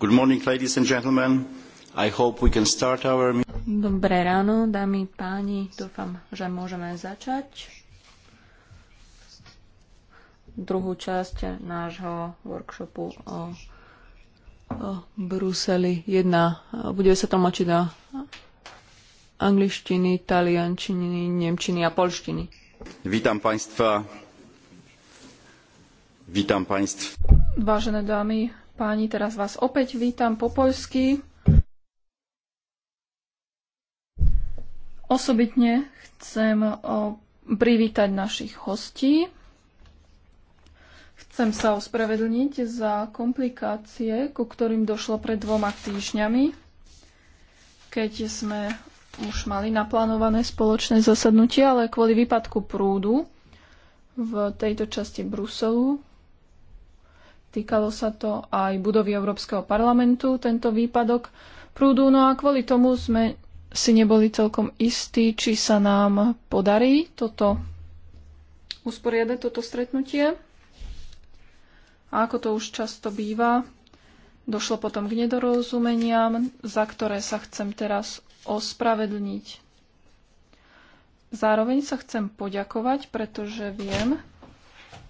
Good morning, ladies and gentlemen. I hope we can start our... Dobré ráno, dámy, páni. Dúfam, že môžeme začať druhú časť nášho workshopu o, o Bruseli 1. Bude sa tlmačiť do angličtiny, taliančiny, nemčiny a polštiny. Vítam Państwa. Vítam Państw. Vážené dámy, Páni, teraz vás opäť vítam po poľsky. Osobitne chcem privítať našich hostí. Chcem sa ospravedlniť za komplikácie, ku ktorým došlo pred dvoma týždňami, keď sme už mali naplánované spoločné zasadnutie, ale kvôli výpadku prúdu v tejto časti Bruselu Týkalo sa to aj budovy Európskeho parlamentu, tento výpadok prúdu. No a kvôli tomu sme si neboli celkom istí, či sa nám podarí toto usporiadať, toto stretnutie. A ako to už často býva, došlo potom k nedorozumeniam, za ktoré sa chcem teraz ospravedlniť. Zároveň sa chcem poďakovať, pretože viem,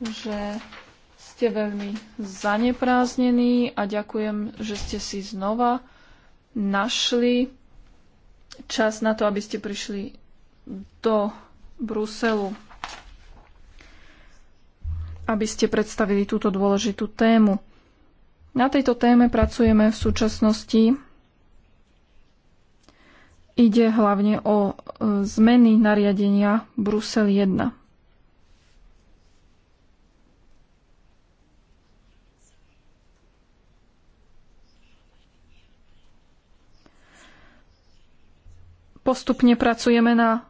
že ste veľmi zanepráznení a ďakujem, že ste si znova našli čas na to, aby ste prišli do Bruselu, aby ste predstavili túto dôležitú tému. Na tejto téme pracujeme v súčasnosti. Ide hlavne o e, zmeny nariadenia Brusel 1. Postupne pracujeme na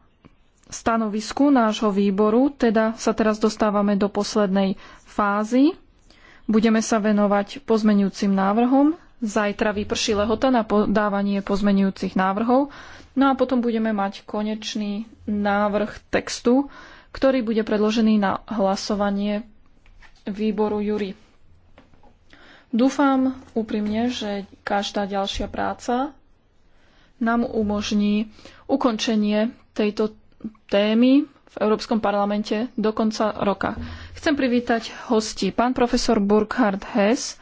stanovisku nášho výboru, teda sa teraz dostávame do poslednej fázy. Budeme sa venovať pozmenujúcim návrhom. Zajtra vyprší lehota na podávanie pozmenujúcich návrhov. No a potom budeme mať konečný návrh textu, ktorý bude predložený na hlasovanie výboru Jury. Dúfam úprimne, že každá ďalšia práca nám umožní ukončenie tejto témy v Európskom parlamente do konca roka. Chcem privítať hosti. Pán profesor Burkhard Hess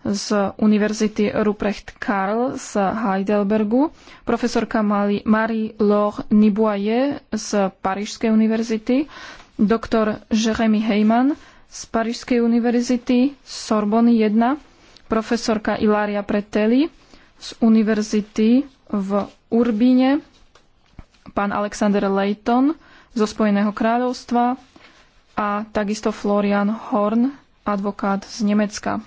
z Univerzity Ruprecht Karl z Heidelbergu, profesorka Marie-Laure Niboye z Parížskej univerzity, doktor Jeremy Heyman z Parížskej univerzity Sorbony 1, profesorka Ilaria Pretelli z Univerzity v Urbíne pán Alexander Leighton zo Spojeného kráľovstva a takisto Florian Horn, advokát z Nemecka.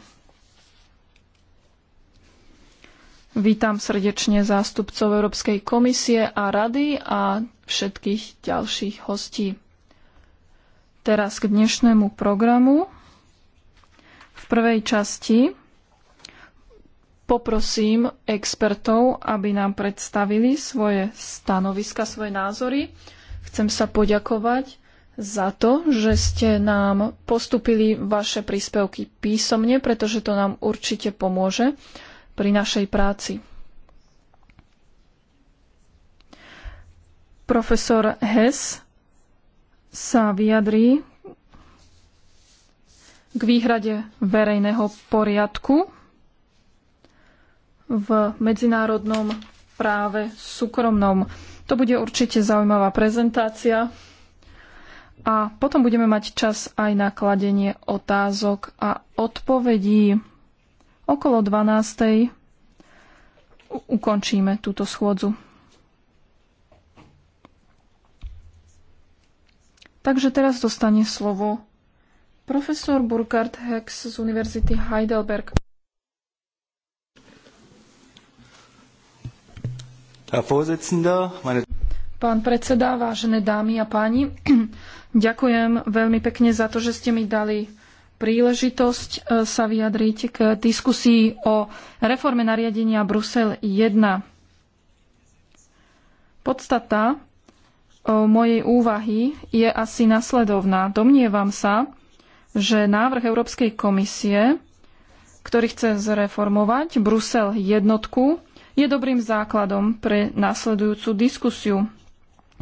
Vítam srdečne zástupcov Európskej komisie a rady a všetkých ďalších hostí. Teraz k dnešnému programu. V prvej časti poprosím expertov, aby nám predstavili svoje stanoviska, svoje názory. Chcem sa poďakovať za to, že ste nám postupili vaše príspevky písomne, pretože to nám určite pomôže pri našej práci. Profesor Hess sa vyjadrí k výhrade verejného poriadku v medzinárodnom práve súkromnom. To bude určite zaujímavá prezentácia. A potom budeme mať čas aj na kladenie otázok a odpovedí. Okolo 12. ukončíme túto schôdzu. Takže teraz dostane slovo profesor Burkhard Hex z Univerzity Heidelberg. Pán predseda, vážené dámy a páni, ďakujem veľmi pekne za to, že ste mi dali príležitosť e, sa vyjadriť k diskusii o reforme nariadenia Brusel 1. Podstata e, mojej úvahy je asi nasledovná. Domnievam sa, že návrh Európskej komisie, ktorý chce zreformovať Brusel jednotku, je dobrým základom pre nasledujúcu diskusiu.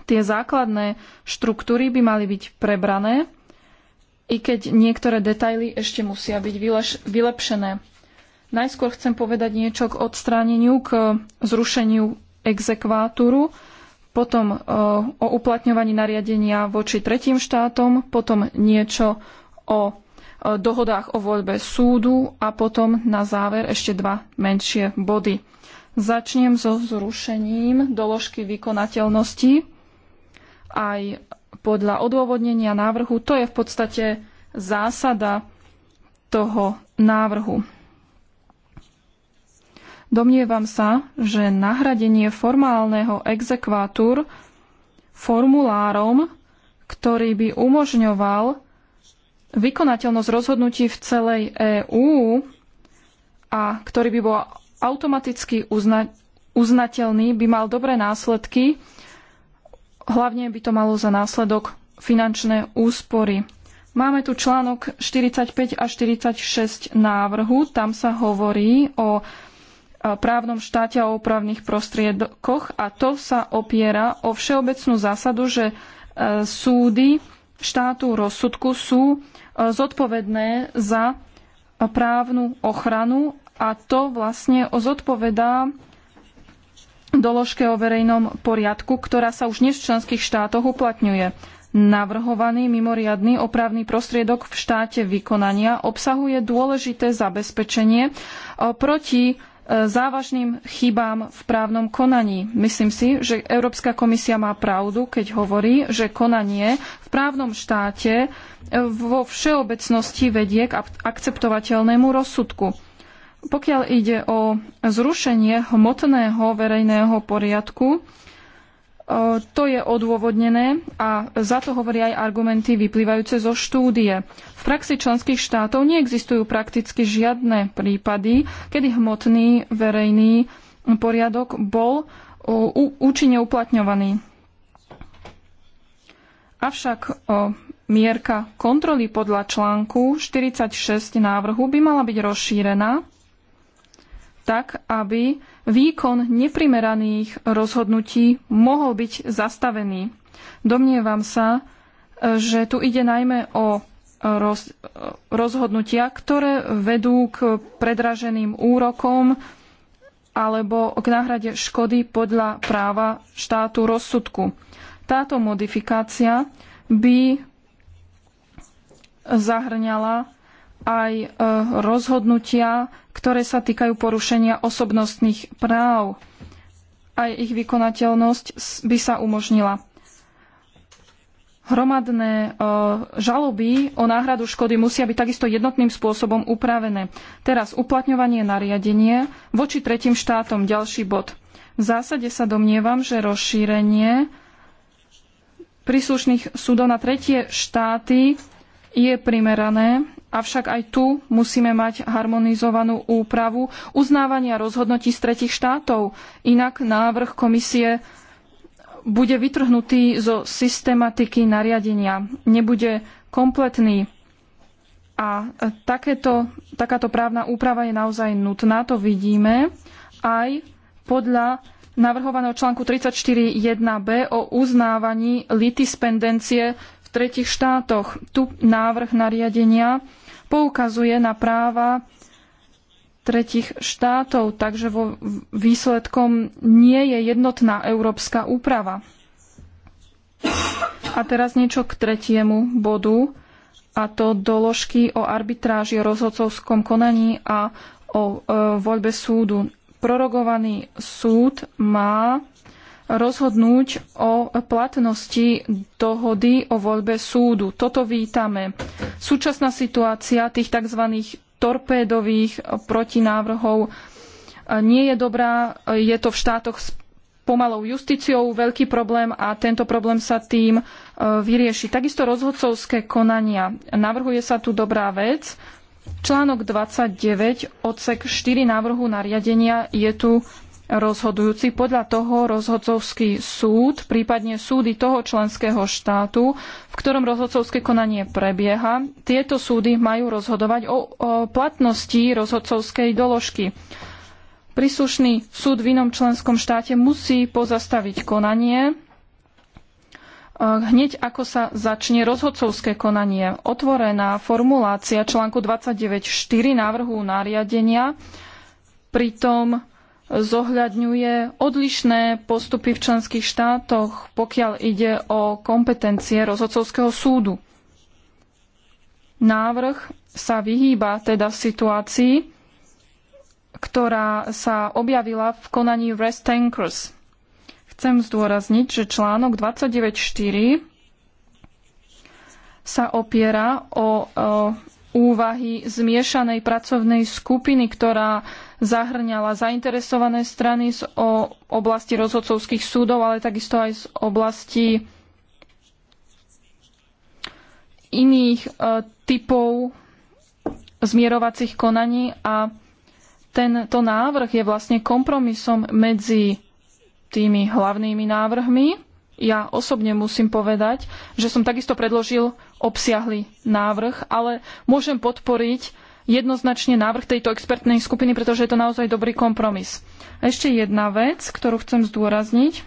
Tie základné štruktúry by mali byť prebrané, i keď niektoré detaily ešte musia byť vylepšené. Najskôr chcem povedať niečo k odstráneniu, k zrušeniu exekvátoru, potom e, o uplatňovaní nariadenia voči tretím štátom, potom niečo o e, dohodách o voľbe súdu a potom na záver ešte dva menšie body. Začnem so zrušením doložky vykonateľnosti. Aj podľa odôvodnenia návrhu to je v podstate zásada toho návrhu. Domnievam sa, že nahradenie formálneho exekvátur formulárom, ktorý by umožňoval vykonateľnosť rozhodnutí v celej EÚ a ktorý by bol automaticky uzna- uznateľný, by mal dobré následky. Hlavne by to malo za následok finančné úspory. Máme tu článok 45 a 46 návrhu. Tam sa hovorí o e, právnom štáte a opravných prostriedkoch a to sa opiera o všeobecnú zásadu, že e, súdy štátu rozsudku sú e, zodpovedné za právnu ochranu a to vlastne zodpovedá doložke o verejnom poriadku, ktorá sa už dnes v členských štátoch uplatňuje. Navrhovaný mimoriadny opravný prostriedok v štáte vykonania obsahuje dôležité zabezpečenie e, proti e, závažným chybám v právnom konaní. Myslím si, že Európska komisia má pravdu, keď hovorí, že konanie v právnom štáte e, vo všeobecnosti vedie k akceptovateľnému rozsudku. Pokiaľ ide o zrušenie hmotného verejného poriadku, e, to je odôvodnené a za to hovoria aj argumenty vyplývajúce zo štúdie. V praxi členských štátov neexistujú prakticky žiadne prípady, kedy hmotný verejný poriadok bol e, účinne uplatňovaný. Avšak e, mierka kontroly podľa článku 46 návrhu by mala byť rozšírená tak, aby výkon neprimeraných rozhodnutí mohol byť zastavený. Domnievam sa, že tu ide najmä o roz, rozhodnutia, ktoré vedú k predraženým úrokom alebo k náhrade škody podľa práva štátu rozsudku. Táto modifikácia by zahrňala aj e, rozhodnutia, ktoré sa týkajú porušenia osobnostných práv. Aj ich vykonateľnosť by sa umožnila. Hromadné e, žaloby o náhradu škody musia byť takisto jednotným spôsobom upravené. Teraz uplatňovanie nariadenie voči tretím štátom ďalší bod. V zásade sa domnievam, že rozšírenie príslušných súdov na tretie štáty je primerané Avšak aj tu musíme mať harmonizovanú úpravu uznávania rozhodnutí z tretich štátov. Inak návrh komisie bude vytrhnutý zo systematiky nariadenia. Nebude kompletný. A takéto, takáto právna úprava je naozaj nutná, to vidíme aj podľa navrhovaného článku 34.1b o uznávaní litispendencie v tretich štátoch. Tu návrh nariadenia poukazuje na práva tretich štátov, takže vo výsledkom nie je jednotná európska úprava. A teraz niečo k tretiemu bodu, a to doložky o arbitráži, o rozhodcovskom konaní a o e, voľbe súdu. Prorogovaný súd má rozhodnúť o platnosti dohody o voľbe súdu. Toto vítame. Súčasná situácia tých tzv. torpédových protinávrhov e, nie je dobrá. Je to v štátoch s pomalou justíciou veľký problém a tento problém sa tým e, vyrieši. Takisto rozhodcovské konania. Navrhuje sa tu dobrá vec. Článok 29, odsek 4 návrhu nariadenia je tu rozhodujúci. Podľa toho rozhodcovský súd, prípadne súdy toho členského štátu, v ktorom rozhodcovské konanie prebieha, tieto súdy majú rozhodovať o, o platnosti rozhodcovskej doložky. Príslušný súd v inom členskom štáte musí pozastaviť konanie e, hneď ako sa začne rozhodcovské konanie. Otvorená formulácia článku 29.4 návrhu nariadenia pritom zohľadňuje odlišné postupy v členských štátoch, pokiaľ ide o kompetencie rozhodcovského súdu. Návrh sa vyhýba teda situácii, ktorá sa objavila v konaní Rest Tankers. Chcem zdôrazniť, že článok 29.4 sa opiera o, o úvahy zmiešanej pracovnej skupiny, ktorá zahrňala zainteresované strany z oblasti rozhodcovských súdov, ale takisto aj z oblasti iných e, typov zmierovacích konaní a tento návrh je vlastne kompromisom medzi tými hlavnými návrhmi ja osobne musím povedať, že som takisto predložil obsiahly návrh, ale môžem podporiť jednoznačne návrh tejto expertnej skupiny, pretože je to naozaj dobrý kompromis. A ešte jedna vec, ktorú chcem zdôrazniť.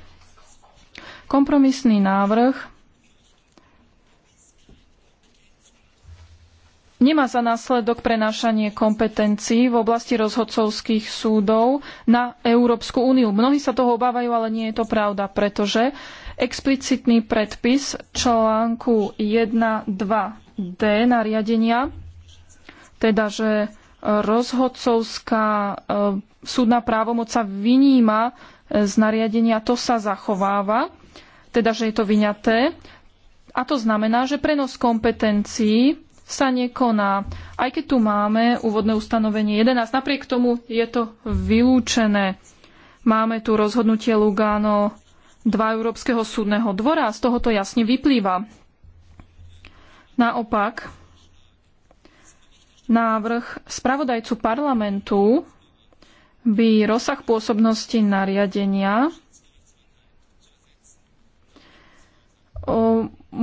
Kompromisný návrh nemá za následok prenášanie kompetencií v oblasti rozhodcovských súdov na Európsku úniu. Mnohí sa toho obávajú, ale nie je to pravda, pretože explicitný predpis článku 1.2d nariadenia, teda že rozhodcovská e, súdna právomoc sa vyníma e, z nariadenia, to sa zachováva, teda že je to vyňaté. A to znamená, že prenos kompetencií sa nekoná. Aj keď tu máme úvodné ustanovenie 11, napriek tomu je to vylúčené. Máme tu rozhodnutie Lugano dva Európskeho súdneho dvora. Z toho to jasne vyplýva. Naopak, návrh spravodajcu parlamentu by rozsah pôsobnosti nariadenia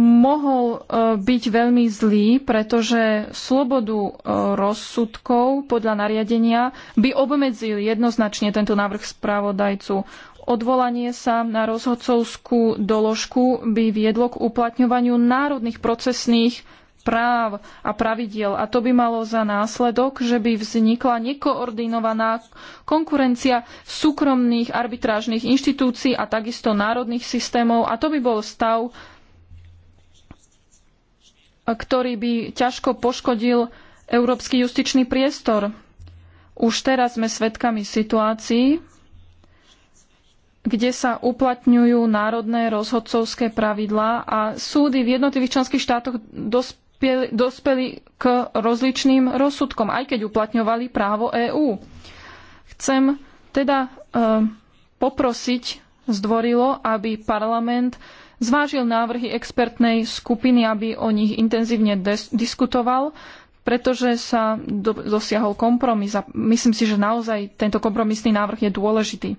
mohol e, byť veľmi zlý, pretože slobodu e, rozsudkov podľa nariadenia by obmedzil jednoznačne tento návrh spravodajcu. Odvolanie sa na rozhodcovskú doložku by viedlo k uplatňovaniu národných procesných práv a pravidiel a to by malo za následok, že by vznikla nekoordinovaná konkurencia súkromných arbitrážnych inštitúcií a takisto národných systémov a to by bol stav, ktorý by ťažko poškodil európsky justičný priestor. Už teraz sme svedkami situácií, kde sa uplatňujú národné rozhodcovské pravidlá a súdy v jednotlivých členských štátoch dospeli, dospeli k rozličným rozsudkom, aj keď uplatňovali právo EÚ. Chcem teda e, poprosiť zdvorilo, aby parlament zvážil návrhy expertnej skupiny, aby o nich intenzívne diskutoval, pretože sa do dosiahol kompromis a myslím si, že naozaj tento kompromisný návrh je dôležitý.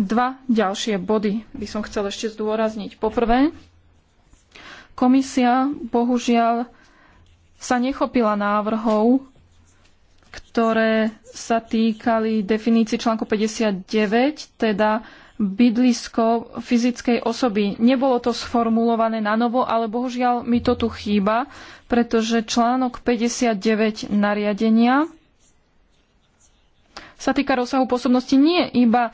Dva ďalšie body by som chcel ešte zdôrazniť. Poprvé, komisia bohužiaľ sa nechopila návrhov, ktoré sa týkali definície článku 59, teda bydlisko fyzickej osoby. Nebolo to sformulované na novo, ale bohužiaľ mi to tu chýba, pretože článok 59 nariadenia sa týka rozsahu pôsobnosti nie iba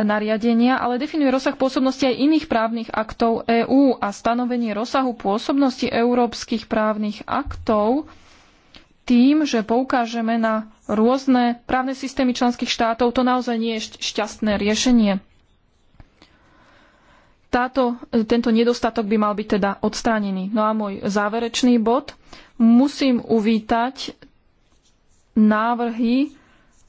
nariadenia, ale definuje rozsah pôsobnosti aj iných právnych aktov EÚ a stanovenie rozsahu pôsobnosti európskych právnych aktov tým, že poukážeme na rôzne právne systémy členských štátov, to naozaj nie je šťastné riešenie. Táto, tento nedostatok by mal byť teda odstránený. No a môj záverečný bod. Musím uvítať návrhy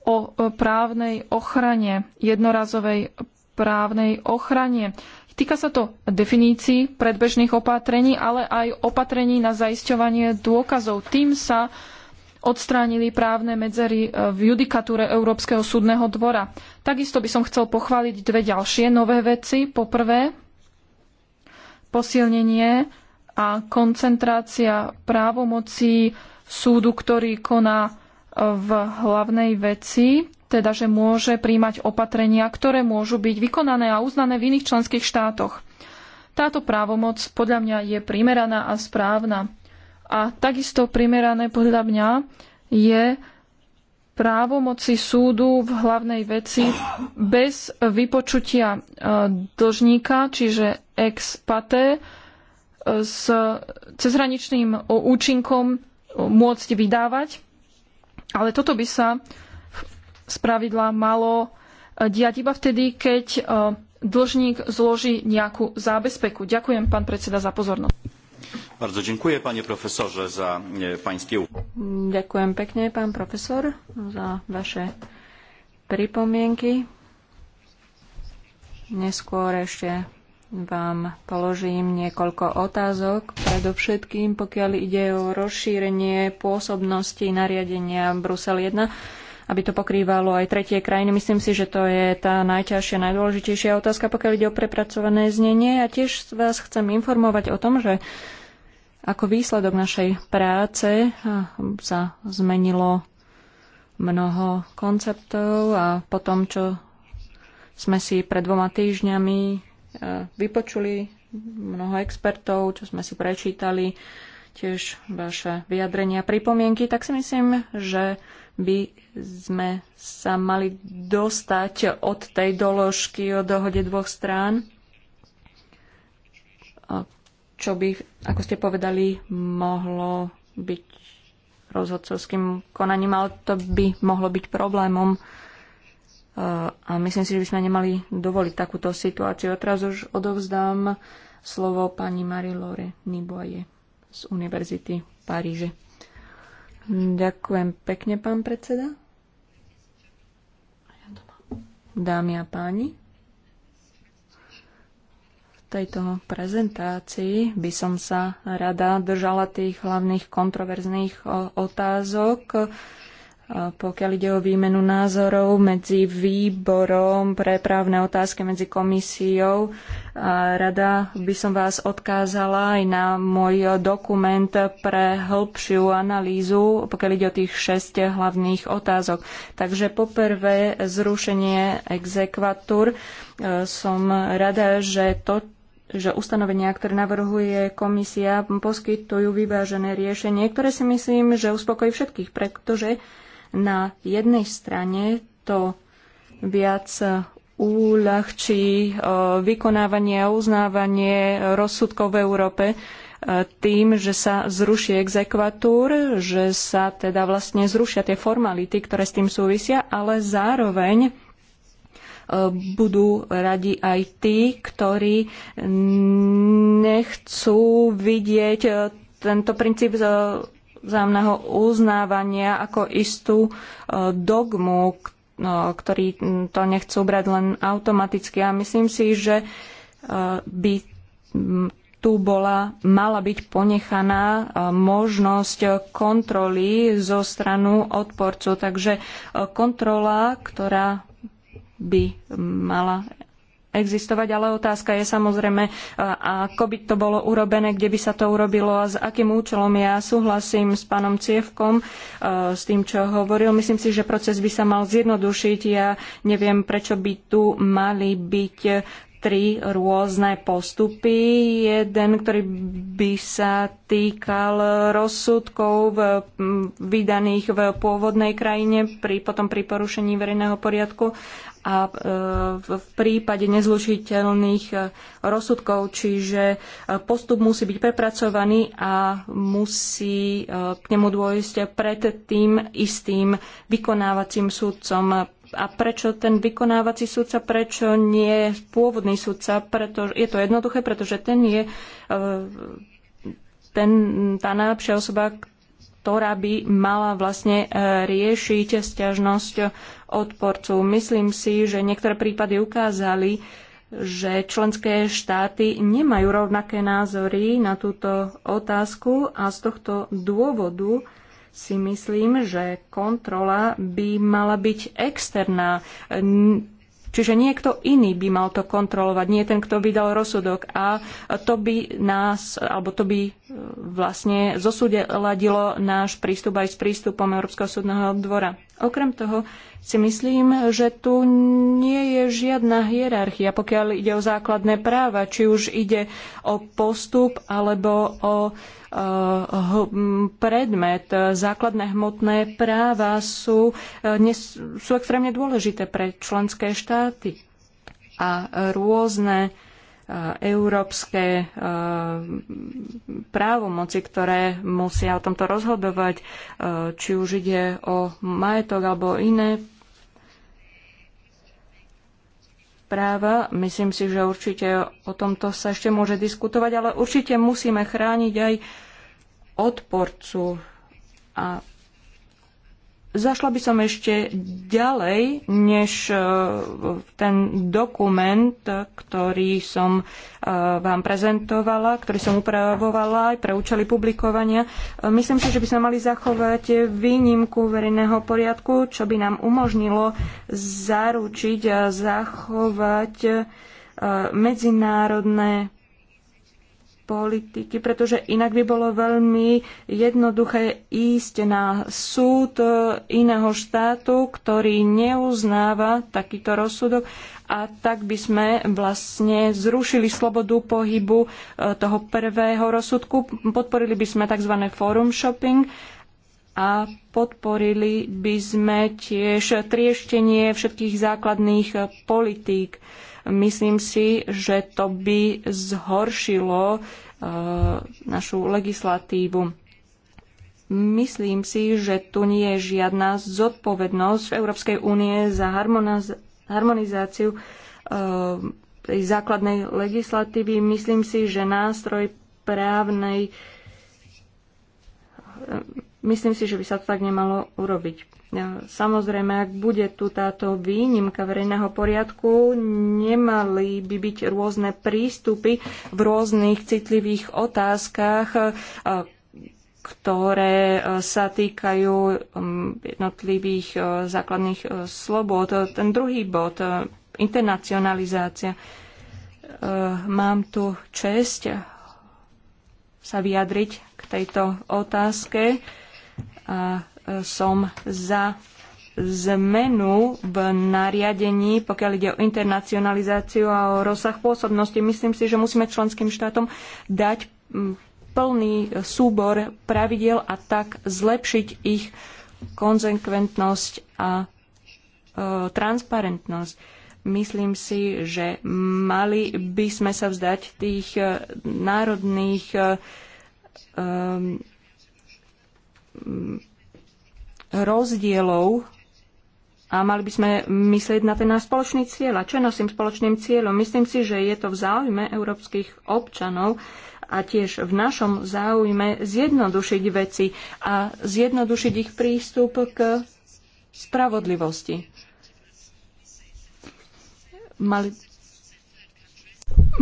o e, právnej ochrane, jednorazovej právnej ochrane. Týka sa to definícií predbežných opatrení, ale aj opatrení na zaisťovanie dôkazov. Tým sa odstránili právne medzery e, v judikatúre Európskeho súdneho dvora. Takisto by som chcel pochváliť dve ďalšie nové veci. Poprvé, posilnenie a koncentrácia právomocí súdu, ktorý koná v hlavnej veci, teda že môže príjmať opatrenia, ktoré môžu byť vykonané a uznané v iných členských štátoch. Táto právomoc podľa mňa je primeraná a správna. A takisto primerané podľa mňa je právomoci súdu v hlavnej veci bez vypočutia e, dlžníka, čiže ex pate, e, s cezhraničným účinkom môcť vydávať ale toto by sa z pravidla malo eh, diať iba vtedy, keď eh, dlžník zloží nejakú zábezpeku. Ďakujem, pán predseda, za pozornosť. Bardzo dziękuję, panie profesorze, za eh, pańskie Ďakujem pekne, pán profesor, za vaše pripomienky. Neskôr ešte vám položím niekoľko otázok. Predovšetkým, pokiaľ ide o rozšírenie pôsobnosti nariadenia Brusel 1, aby to pokrývalo aj tretie krajiny. Myslím si, že to je tá najťažšia, najdôležitejšia otázka, pokiaľ ide o prepracované znenie. A tiež vás chcem informovať o tom, že ako výsledok našej práce sa zmenilo mnoho konceptov a potom, čo sme si pred dvoma týždňami vypočuli mnoho expertov, čo sme si prečítali, tiež vaše vyjadrenia, a pripomienky, tak si myslím, že by sme sa mali dostať od tej doložky o dohode dvoch strán, čo by, ako ste povedali, mohlo byť rozhodcovským konaním, ale to by mohlo byť problémom a myslím si, že by sme nemali dovoliť takúto situáciu. A teraz už odovzdám slovo pani Marie-Laure Niboye z Univerzity v Paríže. Ďakujem pekne, pán predseda. Dámy a páni, v tejto prezentácii by som sa rada držala tých hlavných kontroverzných otázok, pokiaľ ide o výmenu názorov medzi výborom pre právne otázky, medzi komisiou. Rada by som vás odkázala aj na môj dokument pre hĺbšiu analýzu, pokiaľ ide o tých šesť hlavných otázok. Takže poprvé zrušenie exekvatúr. E, som rada, že to, že ustanovenia, ktoré navrhuje komisia, poskytujú vyvážené riešenie, ktoré si myslím, že uspokojí všetkých, pretože na jednej strane to viac uľahčí e, vykonávanie a uznávanie rozsudkov v Európe e, tým, že sa zruší exekvatúr, že sa teda vlastne zrušia tie formality, ktoré s tým súvisia, ale zároveň e, budú radi aj tí, ktorí nechcú vidieť tento princíp vzájomného uznávania ako istú e, dogmu, e, ktorí to nechcú brať len automaticky. A myslím si, že e, by tu bola, mala byť ponechaná možnosť kontroly zo stranu odporcu. Takže kontrola, ktorá by mala existovať, ale otázka je samozrejme, ako by to bolo urobené, kde by sa to urobilo a s akým účelom. Ja súhlasím s pánom Cievkom, e, s tým, čo hovoril. Myslím si, že proces by sa mal zjednodušiť. Ja neviem, prečo by tu mali byť tri rôzne postupy. Jeden, ktorý by sa týkal rozsudkov v, vydaných v pôvodnej krajine pri, potom pri porušení verejného poriadku a e, v prípade nezlučiteľných e, rozsudkov, čiže e, postup musí byť prepracovaný a musí k nemu dôjsť pred tým istým vykonávacím sudcom. A prečo ten vykonávací sudca, prečo nie pôvodný sudca? Pretože, je to jednoduché, pretože ten je ten, tá najlepšia osoba, ktorá by mala vlastne e, riešiť sťažnosť odporcu. Myslím si, že niektoré prípady ukázali, že členské štáty nemajú rovnaké názory na túto otázku a z tohto dôvodu si myslím, že kontrola by mala byť externá. Čiže niekto iný by mal to kontrolovať, nie ten, kto vydal rozsudok. A to by nás, alebo to by e, vlastne zosúdeladilo náš prístup aj s prístupom Európskeho súdneho dvora. Okrem toho si myslím, že tu nie je žiadna hierarchia, pokiaľ ide o základné práva, či už ide o postup alebo o eh, predmet. Základné hmotné práva sú, eh, sú extrémne dôležité pre členské štáty a rôzne Eh, európske eh, právomoci, ktoré musia o tomto rozhodovať, eh, či už ide o majetok alebo iné práva. Myslím si, že určite o tomto sa ešte môže diskutovať, ale určite musíme chrániť aj odporcu a Zašla by som ešte ďalej, než e, ten dokument, ktorý som e, vám prezentovala, ktorý som upravovala aj pre účely publikovania. E, myslím si, že by sme mali zachovať výnimku verejného poriadku, čo by nám umožnilo zaručiť a zachovať medzinárodné politiky, pretože inak by bolo veľmi jednoduché ísť na súd e, iného štátu, ktorý neuznáva takýto rozsudok a tak by sme vlastne zrušili slobodu pohybu e, toho prvého rozsudku. Podporili by sme tzv. forum shopping a podporili by sme tiež trieštenie všetkých základných politík Myslím si, že to by zhoršilo e, našu legislatívu. Myslím si, že tu nie je žiadna zodpovednosť v Európskej únie za harmonizáciu e, tej základnej legislatívy. Myslím si, že nástroj právnej Myslím si, že by sa to tak nemalo urobiť. E, samozrejme, ak bude tu táto výnimka verejného poriadku, nemali by byť rôzne prístupy v rôznych citlivých otázkach, e, ktoré e, sa týkajú jednotlivých základných slobod. Ten druhý bod, internacionalizácia. Mám tu česť sa vyjadriť k tejto otázke a e, som za zmenu v nariadení, pokiaľ ide o internacionalizáciu a o rozsah pôsobnosti. Myslím si, že musíme členským štátom dať plný súbor pravidiel a tak zlepšiť ich konzekventnosť a e, transparentnosť. Myslím si, že mali by sme sa vzdať tých e, národných e, e Mm, rozdielov a mali by sme myslieť na ten náš spoločný cieľ. A čo je našim spoločným cieľom? Myslím si, že je to v záujme európskych občanov a tiež v našom záujme zjednodušiť veci a zjednodušiť ich prístup k spravodlivosti. Mali,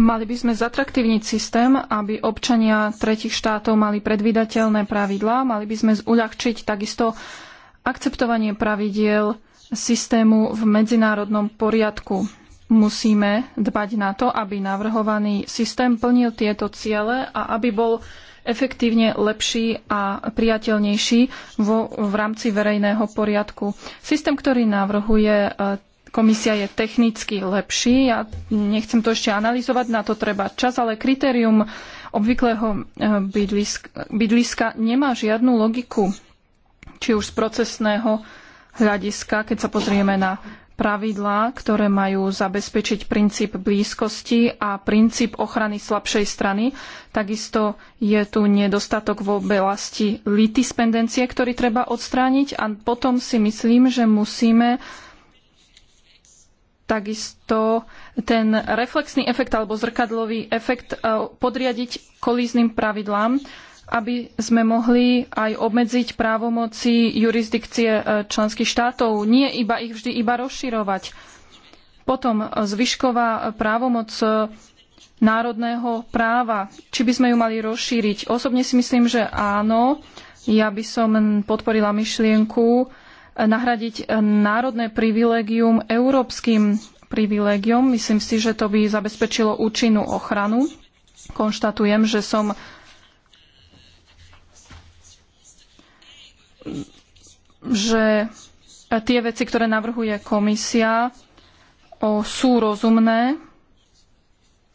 Mali by sme zatraktívniť systém, aby občania tretich štátov mali predvydateľné pravidlá, mali by sme uľahčiť takisto akceptovanie pravidiel systému v medzinárodnom poriadku. Musíme dbať na to, aby navrhovaný systém plnil tieto ciele a aby bol efektívne lepší a priateľnejší vo, v rámci verejného poriadku. Systém, ktorý navrhuje e, komisia je technicky lepší. Ja nechcem to ešte analyzovať, na to treba čas, ale kritérium obvyklého e, bydliska, bydliska nemá žiadnu logiku, či už z procesného hľadiska, keď sa pozrieme na pravidlá, ktoré majú zabezpečiť princíp blízkosti a princíp ochrany slabšej strany. Takisto je tu nedostatok v oblasti litispendencie, ktorý treba odstrániť a potom si myslím, že musíme takisto ten reflexný efekt alebo zrkadlový efekt e, podriadiť kolíznym pravidlám, aby sme mohli aj obmedziť právomoci jurisdikcie e, členských štátov, nie iba ich vždy iba rozširovať. Potom e, zvyšková právomoc národného práva, či by sme ju mali rozšíriť. Osobne si myslím, že áno. Ja by som podporila myšlienku nahradiť národné privilégium európskym privilégiom. Myslím si, že to by zabezpečilo účinnú ochranu. Konštatujem, že som že tie veci, ktoré navrhuje komisia, sú rozumné.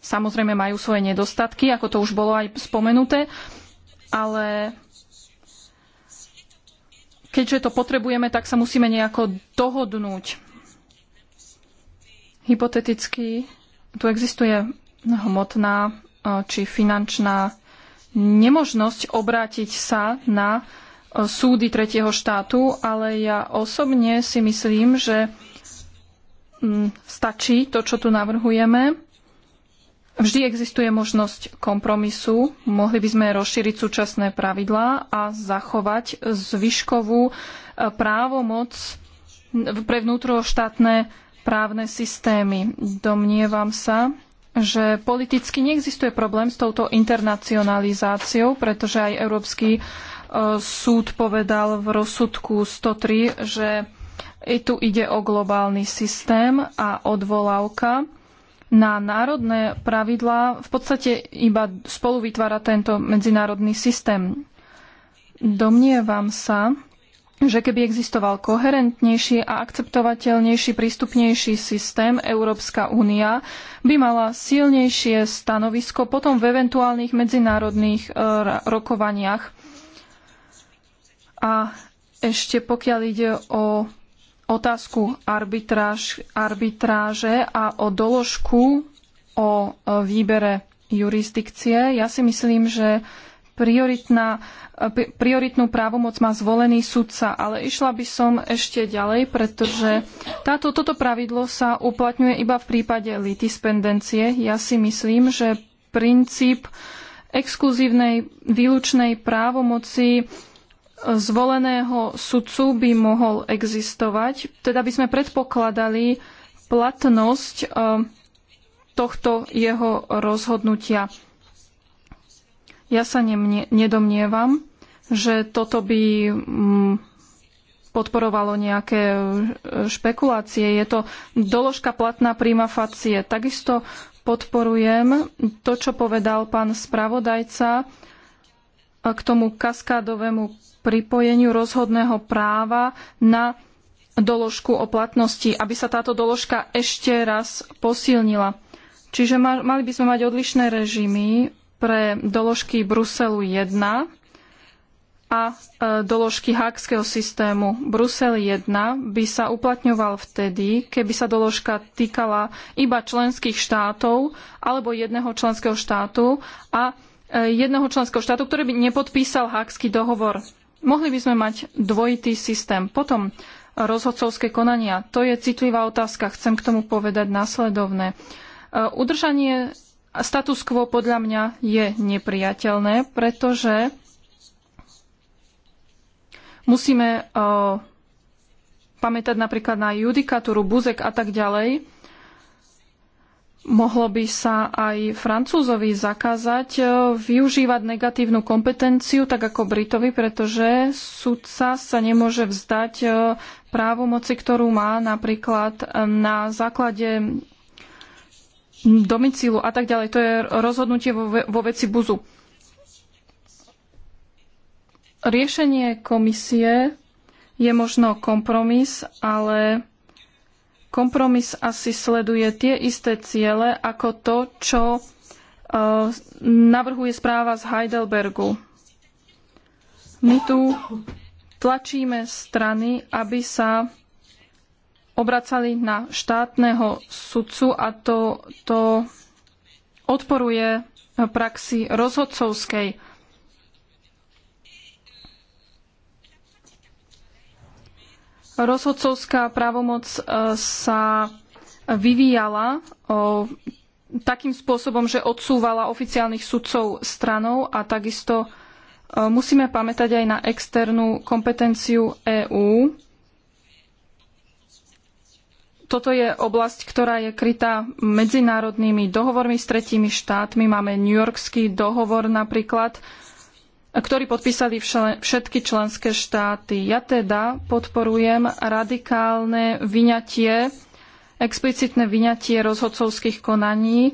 Samozrejme majú svoje nedostatky, ako to už bolo aj spomenuté, ale keďže to potrebujeme, tak sa musíme nejako dohodnúť. Hypoteticky tu existuje hmotná e, či finančná nemožnosť obrátiť sa na e, súdy tretieho štátu, ale ja osobne si myslím, že mm, stačí to, čo tu navrhujeme Vždy existuje možnosť kompromisu. Mohli by sme rozšíriť súčasné pravidlá a zachovať zvyškovú e, právomoc pre vnútroštátne právne systémy. Domnievam sa, že politicky neexistuje problém s touto internacionalizáciou, pretože aj Európsky e, súd povedal v rozsudku 103, že tu ide o globálny systém a odvolávka na národné pravidlá v podstate iba spolu vytvára tento medzinárodný systém. Domnievam sa, že keby existoval koherentnejší a akceptovateľnejší, prístupnejší systém, Európska únia by mala silnejšie stanovisko potom v eventuálnych medzinárodných e, rokovaniach. A ešte pokiaľ ide o otázku arbitráž, arbitráže a o doložku o e, výbere jurisdikcie. Ja si myslím, že prioritná, e, prioritnú právomoc má zvolený sudca, ale išla by som ešte ďalej, pretože táto, toto pravidlo sa uplatňuje iba v prípade litispendencie. Ja si myslím, že princíp exkluzívnej výlučnej právomoci zvoleného sudcu by mohol existovať. Teda by sme predpokladali platnosť e, tohto jeho rozhodnutia. Ja sa nemne, nedomnievam, že toto by mm, podporovalo nejaké e, špekulácie. Je to doložka platná prima facie. Takisto podporujem to, čo povedal pán spravodajca k tomu kaskádovému pripojeniu rozhodného práva na doložku o platnosti, aby sa táto doložka ešte raz posilnila. Čiže mali by sme mať odlišné režimy pre doložky Bruselu 1 a e, doložky hákského systému. Brusel 1 by sa uplatňoval vtedy, keby sa doložka týkala iba členských štátov alebo jedného členského štátu a E, jedného členského štátu, ktorý by nepodpísal Hákský dohovor. Mohli by sme mať dvojitý systém. Potom rozhodcovské konania. To je citlivá otázka. Chcem k tomu povedať následovné. E, udržanie status quo podľa mňa je neprijateľné, pretože musíme e, pamätať napríklad na judikatúru, buzek a tak ďalej. Mohlo by sa aj Francúzovi zakázať e, využívať negatívnu kompetenciu, tak ako Britovi, pretože sudca sa nemôže vzdať e, právomoci, ktorú má napríklad e, na základe domicílu a tak ďalej. To je rozhodnutie vo, veci Buzu. Riešenie komisie je možno kompromis, ale Kompromis asi sleduje tie isté ciele ako to, čo e, navrhuje správa z Heidelbergu. My tu tlačíme strany, aby sa obracali na štátneho sudcu a to, to odporuje praxi rozhodcovskej. rozhodcovská právomoc e, sa vyvíjala e, takým spôsobom, že odsúvala oficiálnych sudcov stranou a takisto e, musíme pamätať aj na externú kompetenciu EÚ. Toto je oblasť, ktorá je krytá medzinárodnými dohovormi s tretími štátmi. Máme New Yorkský dohovor napríklad, ktorý podpísali všetky členské štáty. Ja teda podporujem radikálne vyňatie, explicitné vyňatie rozhodcovských konaní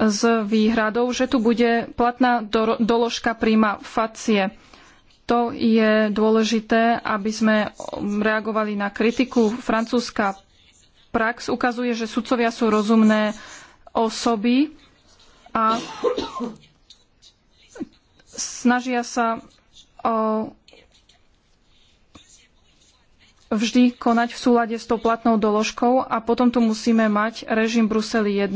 s výhradou, že tu bude platná doložka príjma facie. To je dôležité, aby sme reagovali na kritiku. Francúzska prax ukazuje, že sudcovia sú rozumné osoby a snažia sa vždy konať v súlade s tou platnou doložkou a potom tu musíme mať režim Brusel 1,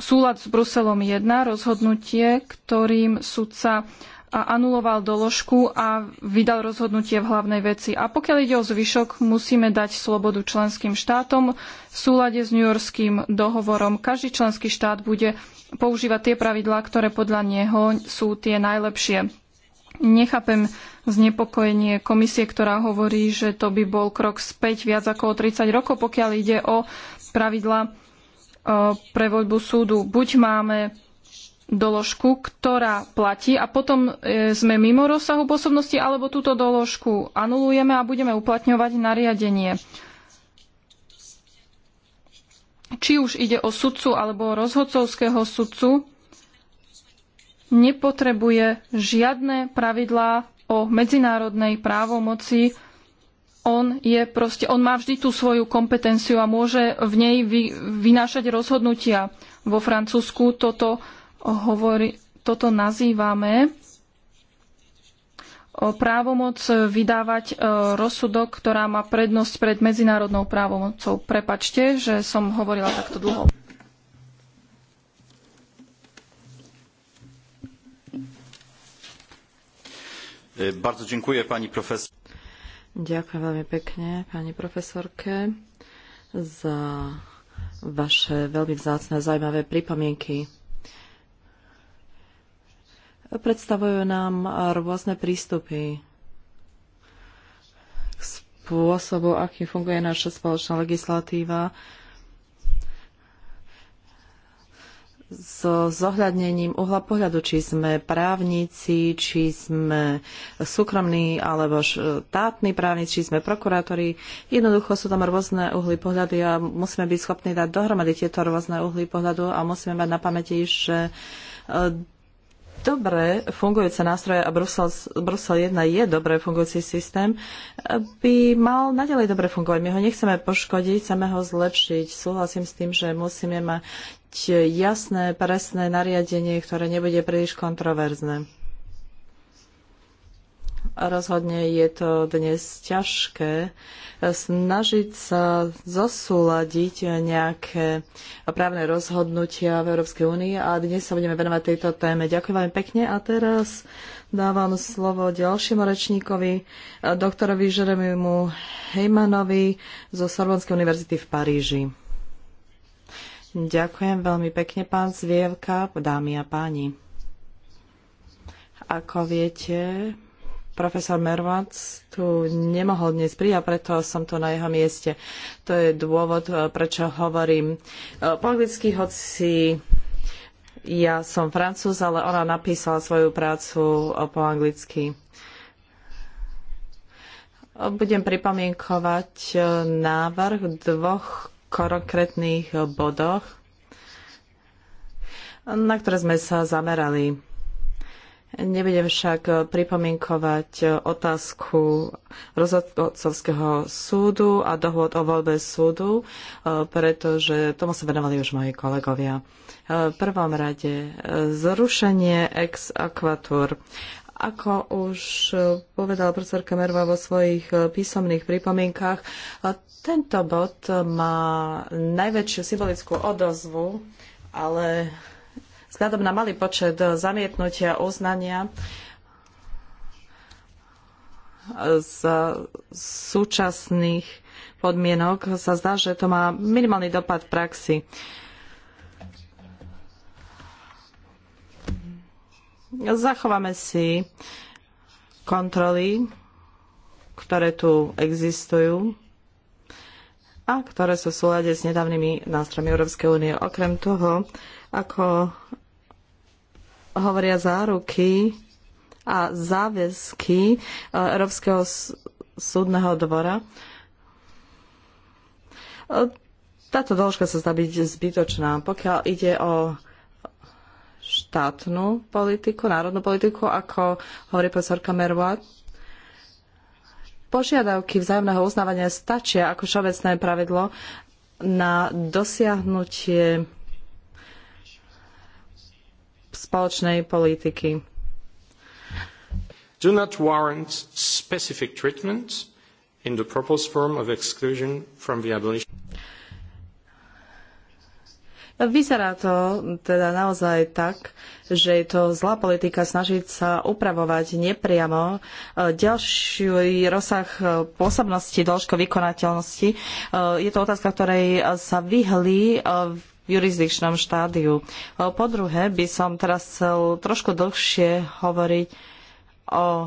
súlad s Bruselom 1, rozhodnutie, ktorým sudca a anuloval doložku a vydal rozhodnutie v hlavnej veci. A pokiaľ ide o zvyšok, musíme dať slobodu členským štátom v súlade s New Yorkským dohovorom. Každý členský štát bude používať tie pravidlá, ktoré podľa neho sú tie najlepšie. Nechápem znepokojenie komisie, ktorá hovorí, že to by bol krok späť viac ako o 30 rokov, pokiaľ ide o pravidlá e, pre voľbu súdu. Buď máme doložku, ktorá platí a potom e, sme mimo rozsahu pôsobnosti, alebo túto doložku anulujeme a budeme uplatňovať nariadenie. Či už ide o sudcu alebo o rozhodcovského sudcu, nepotrebuje žiadne pravidlá o medzinárodnej právomoci. On, je proste, on má vždy tú svoju kompetenciu a môže v nej vy, vynášať rozhodnutia. Vo Francúzsku toto hovorí, toto nazývame o právomoc vydávať e, rozsudok, ktorá má prednosť pred medzinárodnou právomocou. Prepačte, že som hovorila takto dlho. E, bardzo dziękuję pani profesor. Ďakujem veľmi pekne pani profesorke za vaše veľmi vzácne a zaujímavé pripomienky. Predstavujú nám rôzne prístupy k spôsobu, akým funguje naša spoločná legislatíva so zohľadnením uhla pohľadu, či sme právnici, či sme súkromní alebo štátni právnici, či sme prokurátori. Jednoducho sú tam rôzne uhly pohľadu a musíme byť schopní dať dohromady tieto rôzne uhly pohľadu a musíme mať na pamäti, že e, dobre fungujúce nástroje a Brusel, Brusel 1 je dobre fungujúci systém, by mal naďalej dobre fungovať. My ho nechceme poškodiť, chceme ho zlepšiť. Súhlasím s tým, že musíme mať jasné, presné nariadenie, ktoré nebude príliš kontroverzné. Rozhodne je to dnes ťažké eh, snažiť sa zosúľadiť nejaké právne rozhodnutia v Európskej únii a dnes sa budeme venovať tejto téme. Ďakujem veľmi pekne a teraz dávam slovo ďalšiemu rečníkovi, eh, doktorovi Žeremimu Hejmanovi zo Sorbonskej univerzity v Paríži. Ďakujem veľmi pekne, pán Zvievka, dámy a páni. Ako viete, profesor Mervac tu nemohol dnes prísť preto som tu na jeho mieste. To je dôvod, e, prečo hovorím e, po anglicky, hoci ja som francúz, ale ona napísala svoju prácu e, po anglicky. Budem pripomienkovať návrh dvoch konkrétnych bodoch, na ktoré sme sa zamerali Nebudem však eh, pripomienkovať eh, otázku rozhodcovského súdu a dohod o voľbe súdu, eh, pretože tomu sa venovali už moji kolegovia. V prvom rade zrušenie ex aquatur. Ako už povedal profesor Kamerva vo svojich písomných pripomienkach, tento bod má najväčšiu symbolickú odozvu, ale vzhľadom na malý počet e, zamietnutia uznania e, z súčasných podmienok sa zdá, že to má minimálny dopad v praxi. Zachováme si kontroly, ktoré tu existujú a ktoré sú v súlade s nedávnymi nástrojmi Európskej únie. Okrem toho, ako hovoria záruky a záväzky e, Európskeho súdneho dvora. E, táto doložka sa zdá byť zbytočná. Pokiaľ ide o štátnu politiku, národnú politiku, ako hovorí profesorka Merwat, požiadavky vzájomného uznávania stačia ako všeobecné pravidlo na dosiahnutie spoločnej politiky. Do not warrant specific treatment in the proposed form of exclusion from the abolition. Vyzerá to teda naozaj tak, že je to zlá politika snažiť sa upravovať nepriamo e, ďalší rozsah e, pôsobnosti, dĺžko vykonateľnosti. E, je to otázka, ktorej sa vyhli jurisdikčnom štádiu. Po druhé, by som teraz chcel trošku dlhšie hovoriť o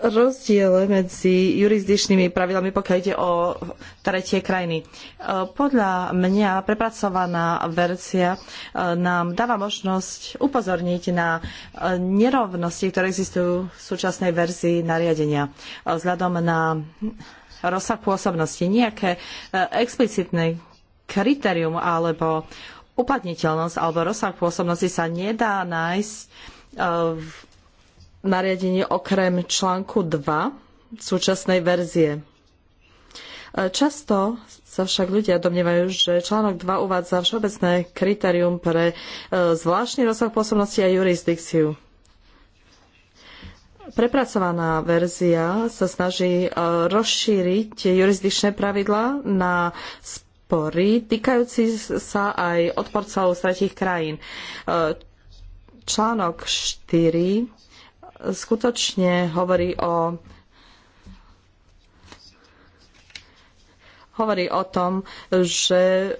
rozdiele medzi jurisdičnými pravidlami, pokiaľ ide o tretie krajiny. Podľa mňa prepracovaná verzia nám dáva možnosť upozorniť na nerovnosti, ktoré existujú v súčasnej verzii nariadenia. Vzhľadom na rozsah pôsobnosti. Nejaké e, explicitné kritérium alebo uplatniteľnosť alebo rozsah pôsobnosti sa nedá nájsť e, v nariadení okrem článku 2 súčasnej verzie. E, často sa však ľudia domnievajú, že článok 2 uvádza všeobecné kritérium pre zvláštny rozsah pôsobnosti a jurisdikciu. Prepracovaná verzia sa snaží e, rozšíriť jurisdikčné pravidlá na spory týkajúci sa aj odporcov z tretich krajín. E, článok 4 skutočne hovorí o hovorí o tom, že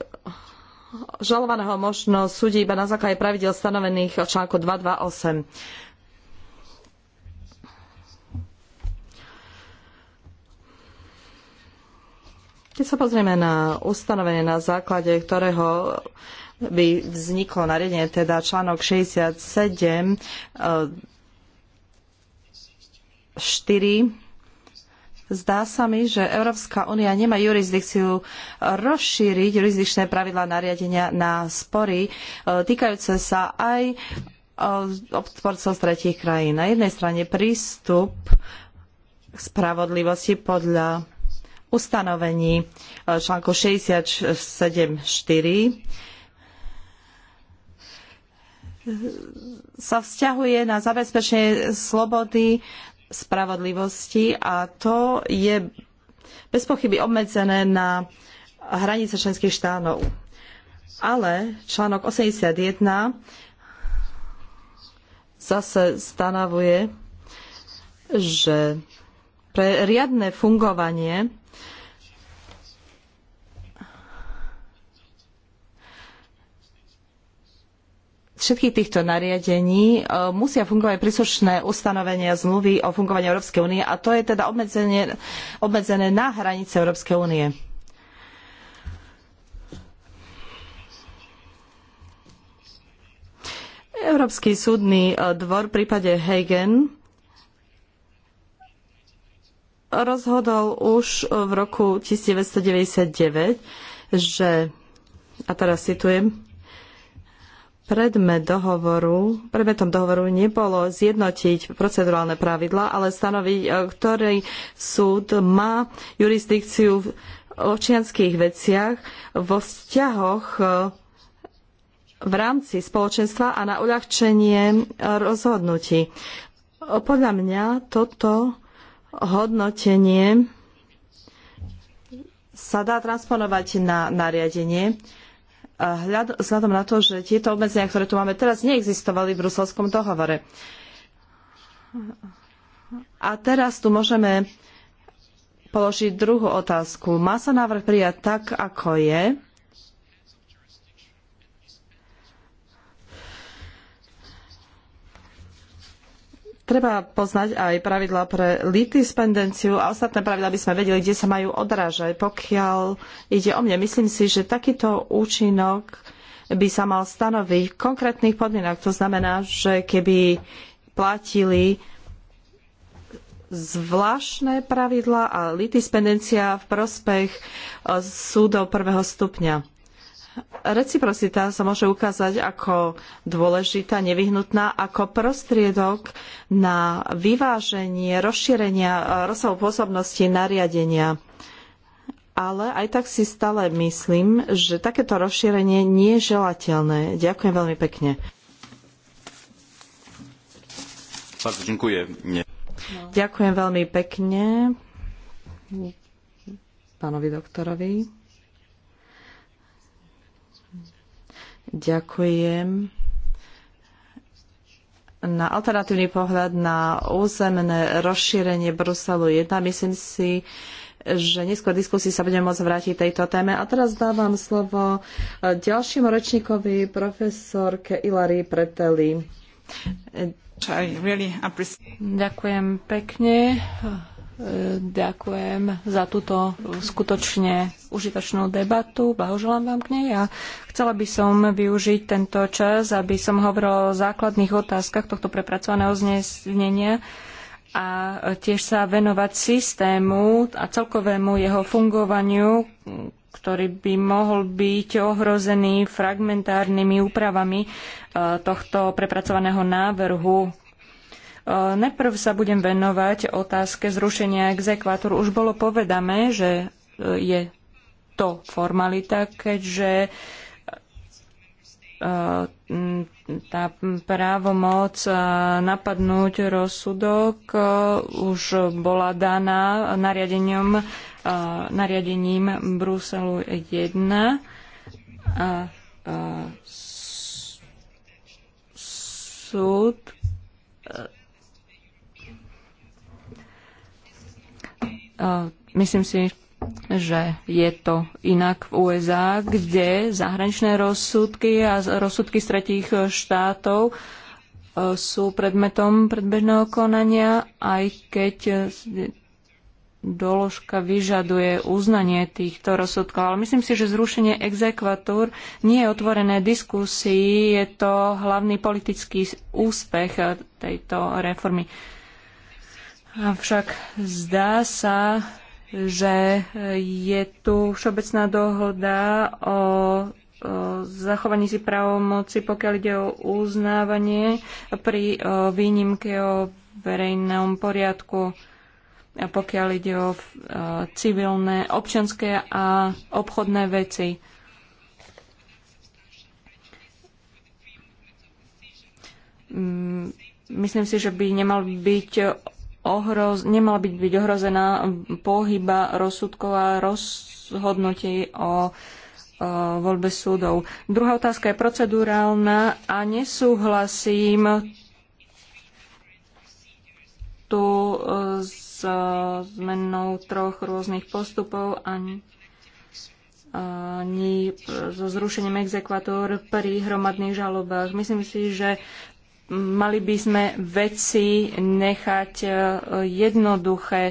žalovaného možno súdi iba na základe pravidel stanovených v článku 228 Keď sa pozrieme na ustanovenie, na základe ktorého by vzniklo nariadenie, teda článok 67 4. Eh, zdá sa mi, že Európska únia nemá jurisdikciu rozšíriť jurisdikčné pravidlá nariadenia na spory eh, týkajúce sa aj eh, obtvorcov z tretich krajín. Na jednej strane prístup k spravodlivosti podľa ustanovení e, článku 67.4 sa vzťahuje na zabezpečenie slobody, spravodlivosti a to je bez pochyby obmedzené na hranice členských štátov. Ale článok 81 zase stanovuje, že pre riadne fungovanie všetkých týchto nariadení e, musia fungovať príslušné ustanovenia zmluvy o fungovaní Európskej únie a to je teda obmedzené na hranice Európskej únie. Európsky súdny e, dvor v prípade Hagen rozhodol už v roku 1999, že, a teraz citujem, Predmet dohovoru, predmetom dohovoru nebolo zjednotiť procedurálne pravidlá, ale stanoviť, e, ktorý súd má jurisdikciu v občianských veciach vo vzťahoch e, v rámci spoločenstva a na uľahčenie rozhodnutí. Podľa mňa toto hodnotenie sa dá transponovať na nariadenie vzhľadom na to, že tieto obmedzenia, ktoré tu máme teraz, neexistovali v bruselskom dohovore. A teraz tu môžeme položiť druhú otázku. Má sa návrh prijať tak, ako je? Treba poznať aj pravidla pre litispendenciu a ostatné pravidla aby sme vedeli, kde sa majú odrážať. Pokiaľ ide o mňa, myslím si, že takýto účinok by sa mal stanoviť v konkrétnych podmienkach. To znamená, že keby platili zvláštne pravidlá a litispendencia v prospech eh, súdov prvého stupňa reciprocita sa môže ukázať ako dôležitá, nevyhnutná, ako prostriedok na vyváženie, rozšírenia eh, rozsahu pôsobnosti nariadenia. Ale aj tak si stále myslím, že takéto rozšírenie nie je želateľné. Ďakujem veľmi pekne. Ďakujem veľmi pekne pánovi doktorovi. Ďakujem. Na alternatívny pohľad na územné rozšírenie Bruselu 1, myslím si, že neskôr v diskusii sa budeme môcť vrátiť tejto téme. A teraz dávam slovo e, ďalšiemu rečníkovi, profesorke Ilari Preteli. Ďakujem pekne. Ďakujem za túto skutočne užitočnú debatu. Blahoželám vám k nej a chcela by som využiť tento čas, aby som hovorila o základných otázkach tohto prepracovaného znenia a tiež sa venovať systému a celkovému jeho fungovaniu, ktorý by mohol byť ohrozený fragmentárnymi úpravami eh, tohto prepracovaného návrhu Najprv sa budem venovať otázke zrušenia exekvátor. Už bolo povedané, že e, je to formalita, keďže e, tá právomoc e, napadnúť rozsudok už bola daná nariadením, nariadením Bruselu 1 a, súd Myslím si, že je to inak v USA, kde zahraničné rozsudky a rozsudky z tretích e, štátov e, sú predmetom predbežného konania, aj keď e, doložka vyžaduje uznanie týchto rozsudkov. Ale myslím si, že zrušenie exekvatúr nie je otvorené diskusii, je to hlavný politický úspech tejto reformy. Avšak zdá sa, že je tu všeobecná dohoda o, zachovaní si právomoci, pokiaľ ide o uznávanie pri výnimke o verejnom poriadku, a pokiaľ ide o civilné, občianské a obchodné veci. Mm, myslím si, že by nemal byť ohroz, nemala byť, byť ohrozená pohyba rozsudkov a rozhodnutí o voľbe súdov. Druhá otázka je procedurálna a nesúhlasím tu e, s zmenou troch rôznych postupov ani ani e, so zrušením exekvatúr pri hromadných žalobách. Myslím si, že mali by sme veci nechať e, jednoduché.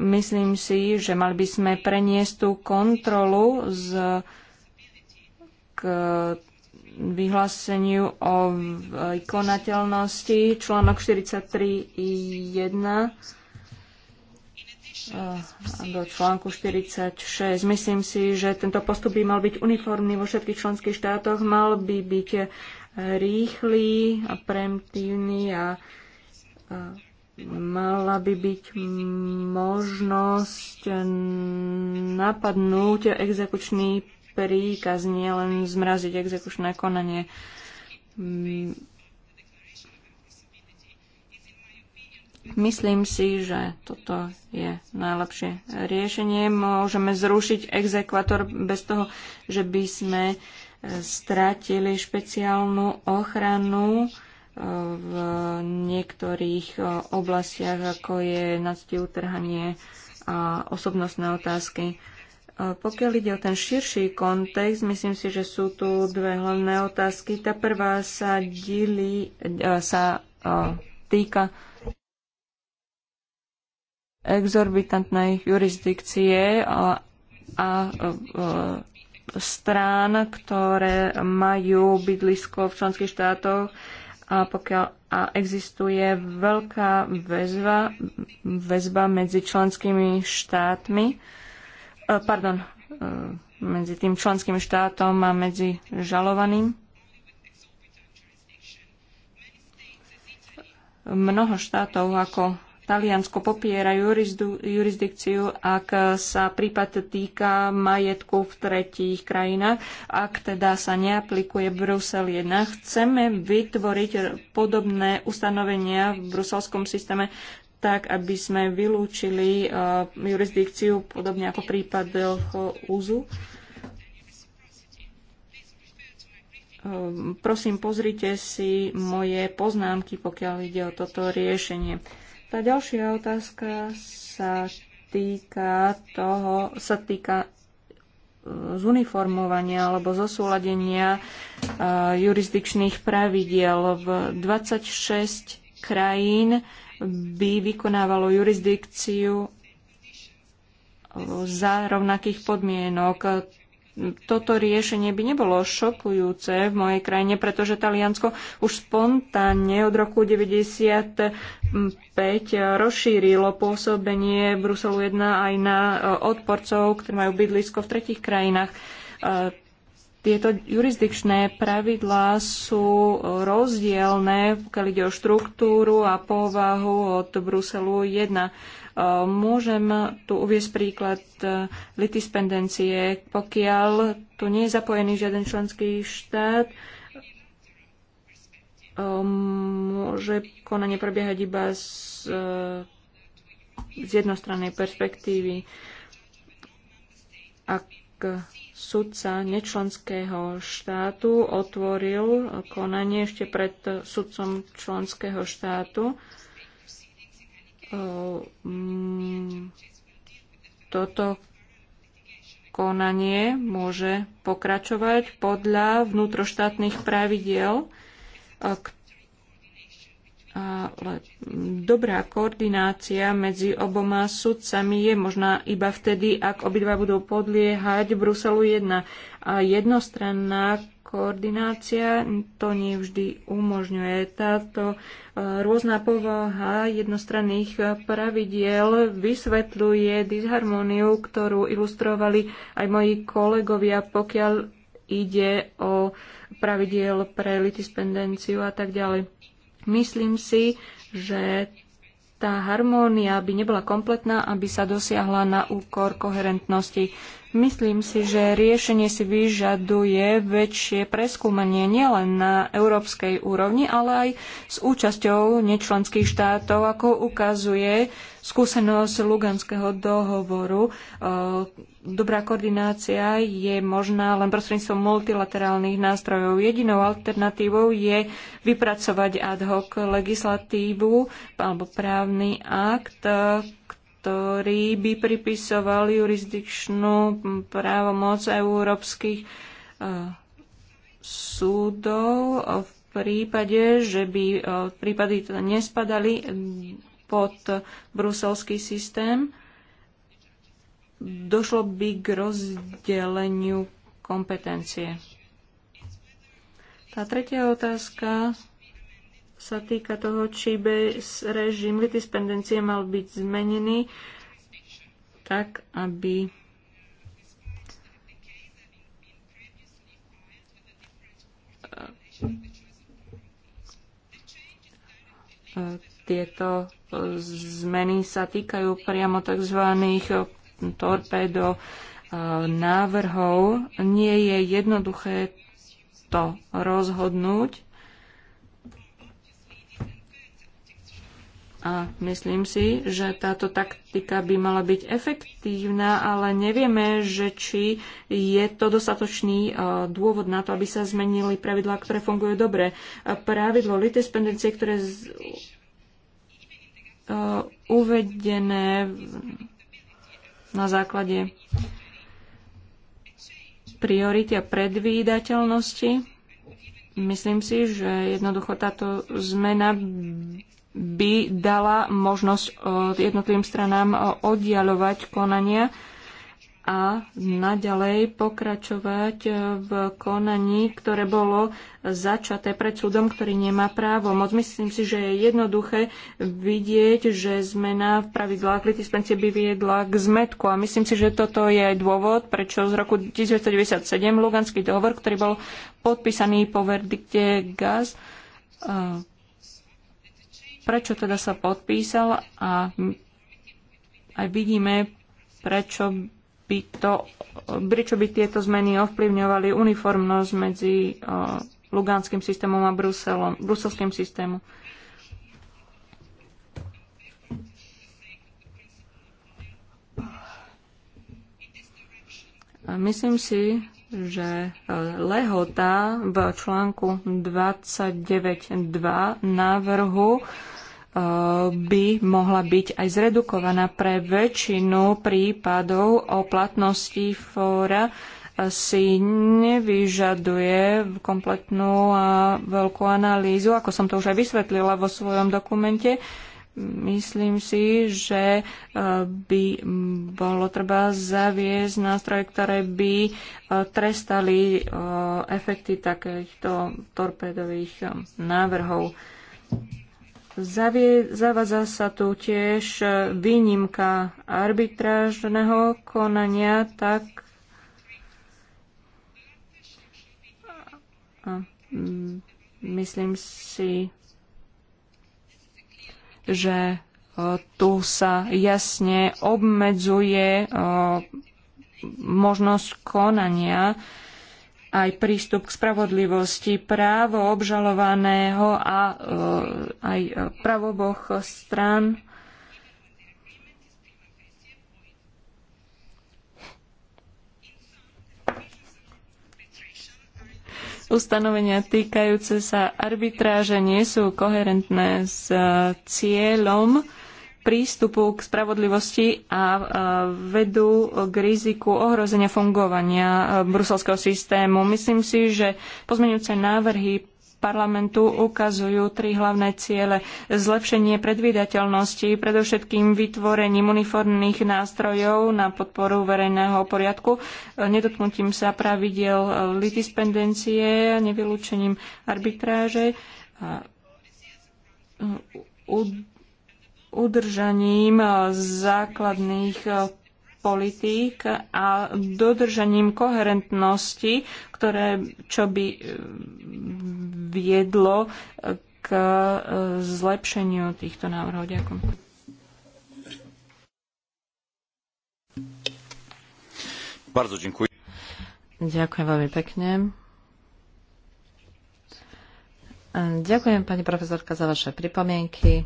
Myslím si, že mali by sme preniesť tú kontrolu z, k vyhláseniu o konateľnosti článok 43.1 e, do článku 46. Myslím si, že tento postup by mal byť uniformný vo všetkých členských štátoch, mal by byť rýchly a preemptívny a, a mala by byť možnosť napadnúť exekučný príkaz, nie len zmraziť exekučné konanie. Myslím si, že toto je najlepšie riešenie. Môžeme zrušiť exekvator bez toho, že by sme uh, stratili špeciálnu ochranu e, v niektorých e, oblastiach, ako je nadstie utrhanie a osobnostné otázky. E, pokiaľ ide o ten širší kontext, myslím si, že sú tu dve hlavné otázky. Tá prvá sa, díli, sa týka exorbitantnej jurisdikcie a, a, a strán, ktoré majú bydlisko v členských štátoch a pokiaľ a existuje veľká väzva, väzba medzi členskými štátmi, e, pardon, e, medzi tým členským štátom a medzi žalovaným. Mnoho štátov ako Taliansko popiera jurisdikciu, ak sa prípad týka majetku v tretích krajinách, ak teda sa neaplikuje Brusel 1. Chceme vytvoriť podobné ustanovenia v bruselskom systéme tak, aby sme vylúčili uh, jurisdikciu podobne ako prípad úzu. Ehm, prosím, pozrite si moje poznámky, pokiaľ ide o toto riešenie. Tá ďalšia otázka sa týka toho, sa týka e, zuniformovania alebo zosúladenia e, jurisdikčných pravidiel. V 26 krajín by vykonávalo jurisdikciu za rovnakých podmienok toto riešenie by nebolo šokujúce v mojej krajine, pretože Taliansko už spontánne od roku 1995 rozšírilo pôsobenie Bruselu 1 aj na e, odporcov, ktorí majú bydlisko v tretich krajinách. E, tieto jurisdikčné pravidlá sú rozdielne, pokiaľ ide o štruktúru a povahu od Bruselu 1 Môžem tu uviesť príklad e, litispendencie. Pokiaľ tu nie je zapojený žiaden členský štát, e, môže konanie prebiehať iba z, e, z jednostrannej perspektívy. Ak sudca nečlenského štátu otvoril konanie ešte pred sudcom členského štátu, Ehm, toto konanie môže pokračovať podľa vnútroštátnych pravidiel, ale dobrá koordinácia medzi oboma sudcami je možná iba vtedy, ak obidva budú podliehať Bruselu 1. A jednostranná koordinácia to nie vždy umožňuje. Táto e, rôzna povaha jednostranných e, pravidiel vysvetľuje disharmóniu, ktorú ilustrovali aj moji kolegovia, pokiaľ ide o pravidiel pre litispendenciu a tak ďalej. Myslím si, že tá harmónia by nebola kompletná, aby sa dosiahla na úkor koherentnosti. Myslím si, že riešenie si vyžaduje väčšie preskúmanie nielen na európskej úrovni, ale aj s účasťou nečlenských štátov, ako ukazuje skúsenosť Luganského dohovoru. E, dobrá koordinácia je možná len prostredníctvom multilaterálnych nástrojov. Jedinou alternatívou je vypracovať ad hoc legislatívu alebo právny akt, ktorý by pripisoval jurisdikčnú právomoc európskych e, súdov v prípade, že by e, prípady teda nespadali pod bruselský systém, došlo by k rozdeleniu kompetencie. Tá tretia otázka sa týka toho, či by režim litispendencie mal byť zmenený tak, aby uh, uh, tieto e, zmeny sa týkajú priamo tzv. E, torpédo e, návrhov. Nie je jednoduché to rozhodnúť. A myslím si, že táto taktika by mala byť efektívna, ale nevieme, že či je to dostatočný dôvod na to, aby sa zmenili pravidlá, ktoré fungujú dobre. Pravidlo litispendencie, ktoré Uh, uvedené na základe priority a predvídateľnosti. Myslím si, že jednoducho táto zmena by dala možnosť uh, jednotlivým stranám uh, oddialovať konania a naďalej pokračovať v konaní, ktoré bolo začaté pred súdom, ktorý nemá právo. Moc myslím si, že je jednoduché vidieť, že zmena v pravidlách litispencie by viedla k zmetku. A myslím si, že toto je aj dôvod, prečo z roku 1997 Luganský dohovor, ktorý bol podpísaný po verdikte GAZ, prečo teda sa podpísal a aj vidíme, prečo by, to, prečo by tieto zmeny ovplyvňovali uniformnosť medzi Lugánskym systémom a Bruselom, bruselským systémom. Myslím si, že e, lehota v článku 29.2 návrhu by mohla byť aj zredukovaná pre väčšinu prípadov o platnosti fóra si nevyžaduje kompletnú a veľkú analýzu, ako som to už aj vysvetlila vo svojom dokumente. Myslím si, že e, by bolo treba zaviesť nástroje, ktoré by e, trestali e, efekty takýchto torpédových návrhov zavádza sa tu tiež výnimka arbitrážneho konania, tak a, mm, myslím si, že tu sa jasne obmedzuje možnosť konania aj prístup k spravodlivosti, právo obžalovaného a e, aj e, pravoboch strán. Ustanovenia týkajúce sa arbitráže nie sú koherentné s e, cieľom prístupu k spravodlivosti a vedú k riziku ohrozenia fungovania e, bruselského systému. Myslím si, že pozmeňujúce návrhy parlamentu ukazujú tri hlavné ciele. Zlepšenie predvídateľnosti, predovšetkým vytvorením uniformných nástrojov na podporu verejného poriadku, e, nedotknutím sa pravidiel e, litispendencie, nevylúčením arbitráže, udržaním eh, základných eh, politík a dodržaním koherentnosti, ktoré čo by eh, viedlo k zlepšeniu týchto návrhov. Ďakujem. Bardzo dziękuję. Ďakujem veľmi pekne. Ďakujem pani profesorka za vaše pripomienky.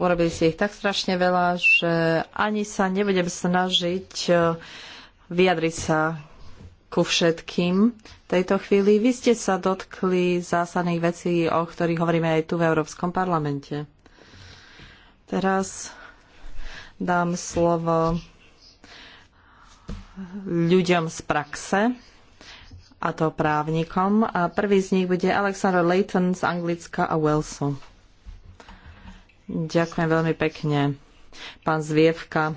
Urobili ste ich tak strašne veľa, že ani sa nebudem snažiť e, vyjadriť sa ku všetkým v tejto chvíli. Vy ste sa dotkli zásadných vecí, o ktorých hovoríme aj tu v Európskom parlamente. Teraz dám slovo ľuďom z praxe, a to právnikom. A prvý z nich bude Alexander Layton z Anglicka a Walesu. Ďakujem veľmi pekne, pán Zvievka.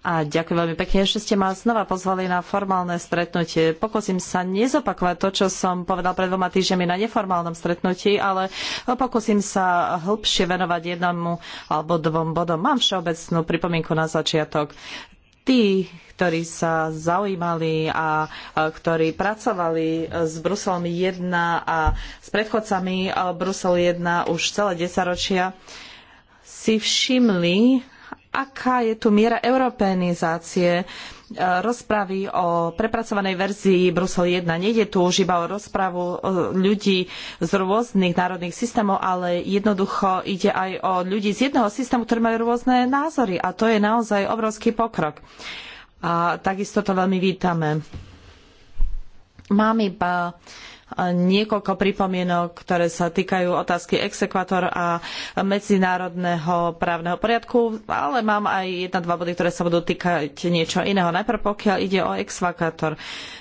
A ďakujem veľmi pekne, že ste ma znova pozvali na formálne stretnutie. Pokúsim sa nezopakovať to, čo som povedal pred dvoma týždňami na neformálnom stretnutí, ale pokúsim sa hĺbšie venovať jednomu alebo dvom bodom. Mám všeobecnú pripomienku na začiatok. Tí, ktorí sa zaujímali a ktorí pracovali s Bruselom 1 a s predchodcami Brusel 1 už celé desaťročia, ročia, si všimli, aká je tu miera europeanizácie e, rozpravy o prepracovanej verzii Brusel 1. Nejde tu už iba o rozpravu e, ľudí z rôznych národných systémov, ale jednoducho ide aj o ľudí z jedného systému, ktorí majú rôzne názory a to je naozaj obrovský pokrok. A takisto to veľmi vítame. Mám iba niekoľko pripomienok, ktoré sa týkajú otázky exekvator a medzinárodného právneho poriadku, ale mám aj jedna, dva body, ktoré sa budú týkať niečo iného. Najprv pokiaľ ide o exekvator.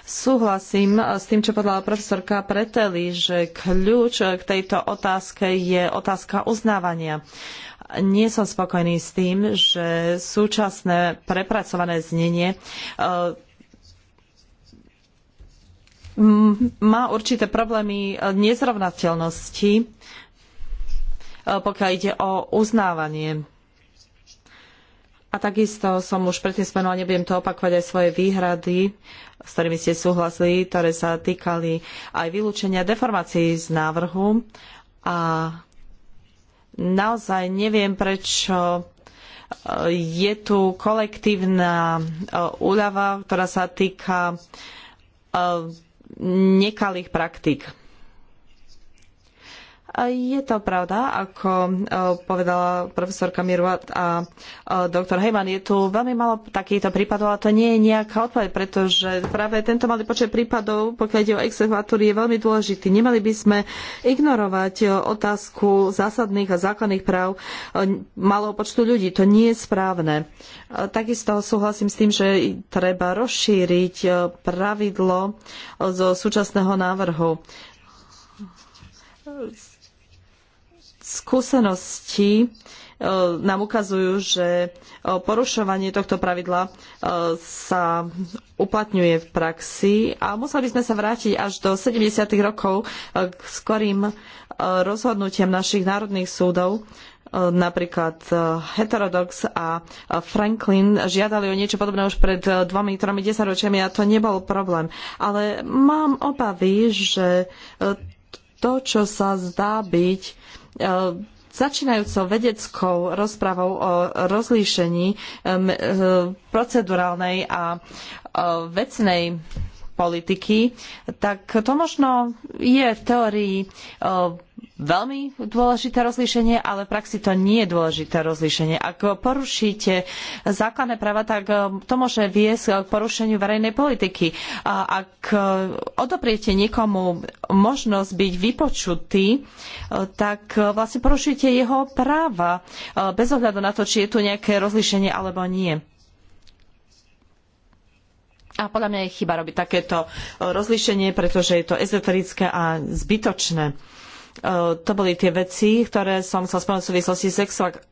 Súhlasím s tým, čo povedala profesorka Preteli, že kľúč k tejto otázke je otázka uznávania nie som spokojný s tým, že súčasné prepracované znenie e, má určité problémy e, nezrovnateľnosti, e, pokiaľ ide o uznávanie. A takisto som už predtým spomenula, nebudem to opakovať aj svoje výhrady, s ktorými ste súhlasili, ktoré sa týkali aj vylúčenia deformácií z návrhu. A naozaj neviem, prečo e, je tu kolektívna úľava, ktorá sa týka nekalých praktík. Je to pravda, ako e, povedala profesorka Mirvat a e, doktor Heyman, je tu veľmi malo takýchto prípadov, ale to nie je nejaká odpoveď, pretože práve tento malý počet prípadov, pokiaľ ide o exekvatúry, je veľmi dôležitý. Nemali by sme ignorovať otázku zásadných a základných práv e, malého počtu ľudí. To nie je správne. Takisto súhlasím s tým, že treba rozšíriť pravidlo zo súčasného návrhu skúsenosti e, nám ukazujú, že e, porušovanie tohto pravidla e, sa uplatňuje v praxi a museli by sme sa vrátiť až do 70. rokov k skorým rozhodnutiam našich národných súdov. Napríklad Heterodox a Franklin žiadali o niečo podobné už pred dvomi, tromi desaťročiami a to nebol problém. Ale mám obavy, že to, čo sa zdá byť e, začínajúcou vedeckou rozprávou o rozlíšení e, e, procedurálnej a vecnej politiky, tak to možno je v teórii veľmi dôležité rozlíšenie, ale v praxi to nie je dôležité rozlíšenie. Ak porušíte základné práva, tak e, to môže viesť k porušeniu verejnej politiky. ak e, odopriete niekomu možnosť byť vypočutý, e, tak vlastne porušíte jeho práva bez ohľadu na to, či je tu nejaké rozlíšenie alebo nie. A podľa mňa je chyba robiť takéto rozlíšenie, pretože je to ezoterické a zbytočné. E, to boli tie veci, ktoré som chcel spomenúť v súvislosti s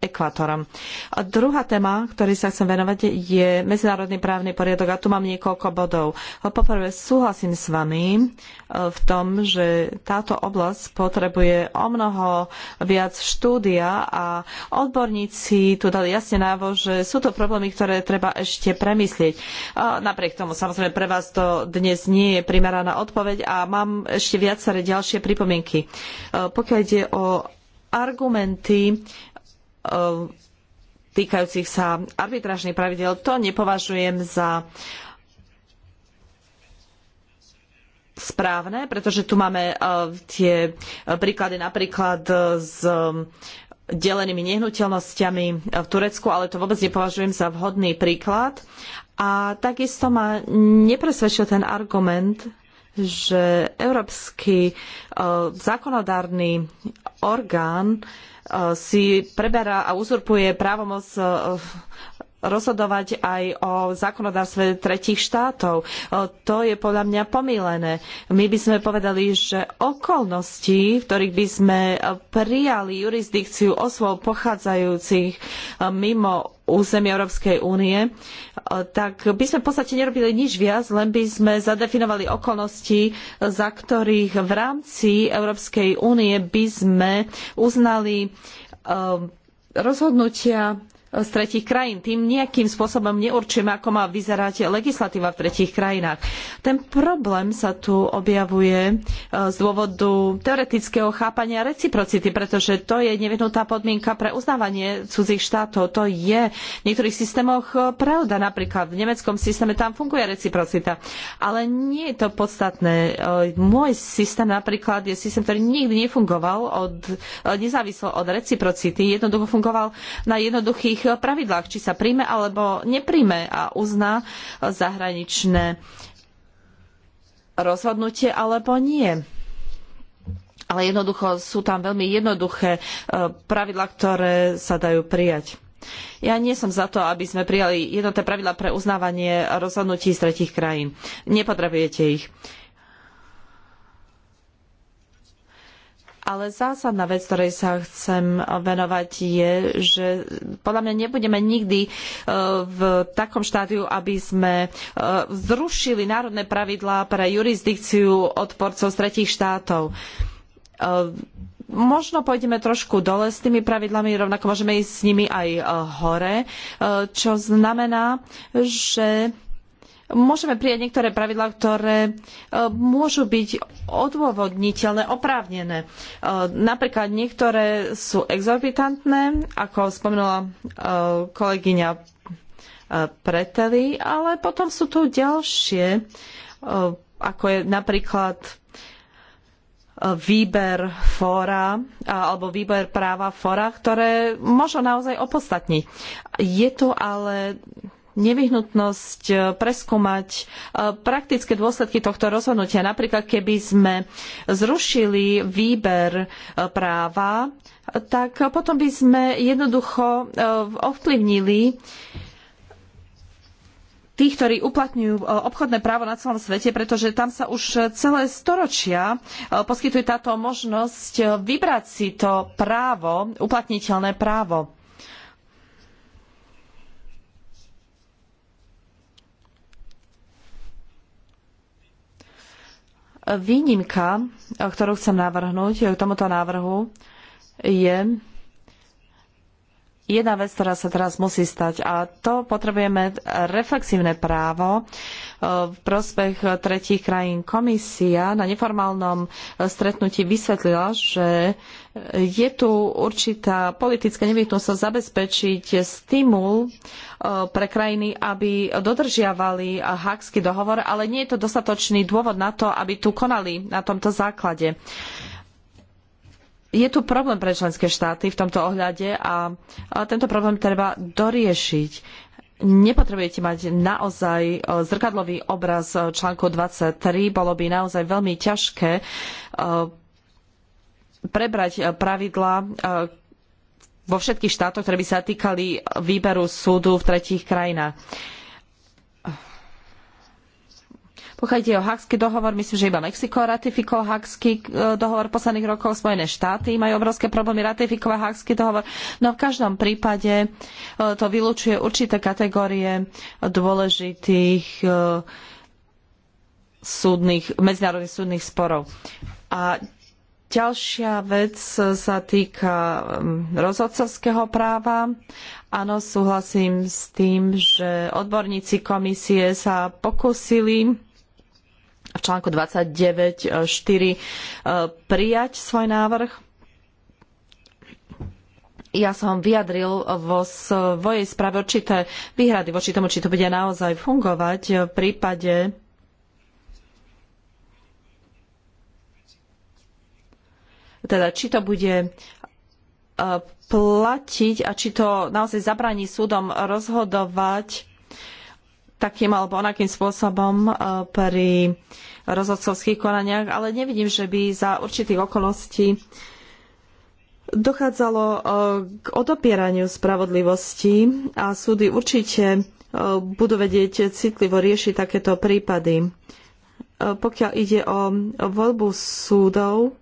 ekvátorom. A druhá téma, ktorej sa chcem venovať, je medzinárodný právny poriadok a tu mám niekoľko bodov. No, poprvé, súhlasím s vami e, v tom, že táto oblasť potrebuje o mnoho viac štúdia a odborníci tu dali jasne návo, že sú to problémy, ktoré treba ešte premyslieť. A napriek tomu, samozrejme, pre vás to dnes nie je primeraná odpoveď a mám ešte viaceré ďalšie pripomienky. Eh, pokiaľ ide o argumenty eh, týkajúcich sa arbitrážnych pravidel, to nepovažujem za správne, pretože tu máme eh, tie príklady napríklad s delenými nehnuteľnosťami v Turecku, ale to vôbec nepovažujem za vhodný príklad. A takisto ma nepresvedčil ten argument, že európsky e, zákonodárny orgán e, si preberá a uzurpuje právomoc e, rozhodovať aj o zákonodárstve tretích štátov. E, to je podľa mňa pomílené. My by sme povedali, že okolnosti, v ktorých by sme e, prijali jurisdikciu osôb pochádzajúcich e, mimo územie Európskej únie, tak by sme v podstate nerobili nič viac, len by sme zadefinovali okolnosti, za ktorých v rámci Európskej únie by sme uznali rozhodnutia z tretích krajín. Tým nejakým spôsobom neurčíme, ako má vyzerať legislatíva v tretích krajinách. Ten problém sa tu objavuje e, z dôvodu teoretického chápania reciprocity, pretože to je nevyhnutá podmienka pre uznávanie cudzích štátov. To je v niektorých systémoch e, pravda. Napríklad v nemeckom systéme tam funguje reciprocita. Ale nie je to podstatné. E, môj systém napríklad je systém, ktorý nikdy nefungoval od, nezávislo od reciprocity. Jednoducho fungoval na jednoduchých pravidlách, či sa príjme alebo nepríjme a uzná zahraničné rozhodnutie alebo nie. Ale jednoducho sú tam veľmi jednoduché e, pravidlá, ktoré sa dajú prijať. Ja nie som za to, aby sme prijali jednotné pravidlá pre uznávanie rozhodnutí z tretich krajín. Nepotrebujete ich. Ale zásadná vec, ktorej sa chcem venovať, je, že podľa mňa nebudeme nikdy e, v takom štádiu, aby sme e, zrušili národné pravidlá pre jurisdikciu odporcov z tretích štátov e, možno pôjdeme trošku dole s tými pravidlami, rovnako môžeme ísť s nimi aj hore, čo znamená, že môžeme prijať niektoré pravidlá, ktoré e, môžu byť odôvodniteľné, oprávnené. E, napríklad niektoré sú exorbitantné, ako spomenula e, kolegyňa Preteli, ale potom sú tu ďalšie, ako je napríklad výber fóra alebo výber práva fóra, ktoré možno naozaj opodstatniť. Je tu ale nevyhnutnosť eh, preskúmať eh, praktické dôsledky tohto rozhodnutia. Napríklad, keby sme zrušili výber eh, práva, tak potom by sme jednoducho ovplyvnili tých, ktorí uplatňujú obchodné právo na celom svete, pretože tam sa už celé storočia poskytuje táto možnosť vybrať si to právo, uplatniteľné právo. Výnimka, ktorú chcem navrhnúť k tomuto návrhu, je jedna vec, ktorá sa teraz musí stať a to potrebujeme reflexívne právo e, v prospech tretích krajín. Komisia na neformálnom e, stretnutí vysvetlila, že je tu určitá politická nevyhnutnosť zabezpečiť stimul e, pre krajiny, aby dodržiavali Hákský dohovor, ale nie je to dostatočný dôvod na to, aby tu konali na tomto základe je tu problém pre členské štáty v tomto ohľade a tento problém treba doriešiť. Nepotrebujete mať naozaj e, zrkadlový obraz e, článku 23. Bolo by naozaj veľmi ťažké e, prebrať pravidla vo všetkých štátoch, ktoré by sa týkali výberu súdu v tretích krajinách. Pokiaľ ide o Hakský dohovor, myslím, že iba Mexiko ratifikovalo Hakský e, dohovor v posledných rokoch. Spojené štáty majú obrovské problémy ratifikovať Hakský dohovor. No v každom prípade e, to vylučuje určité kategórie dôležitých e, súdnych, medzinárodných súdnych sporov. A Ďalšia vec sa týka rozhodcovského práva. Áno, súhlasím s tým, že odborníci komisie sa pokúsili v článku 29.4 e, prijať svoj návrh. Ja som vyjadril vo svojej správe určité výhrady voči tomu, či to bude naozaj fungovať v prípade teda či to bude e, platiť a či to naozaj zabraní súdom rozhodovať takým alebo onakým spôsobom e, pri rozhodcovských konaniach, ale nevidím, že by za určitých okolností dochádzalo e, k odopieraniu spravodlivosti a súdy určite e, budú vedieť citlivo riešiť takéto prípady. Pokiaľ ide o voľbu súdov,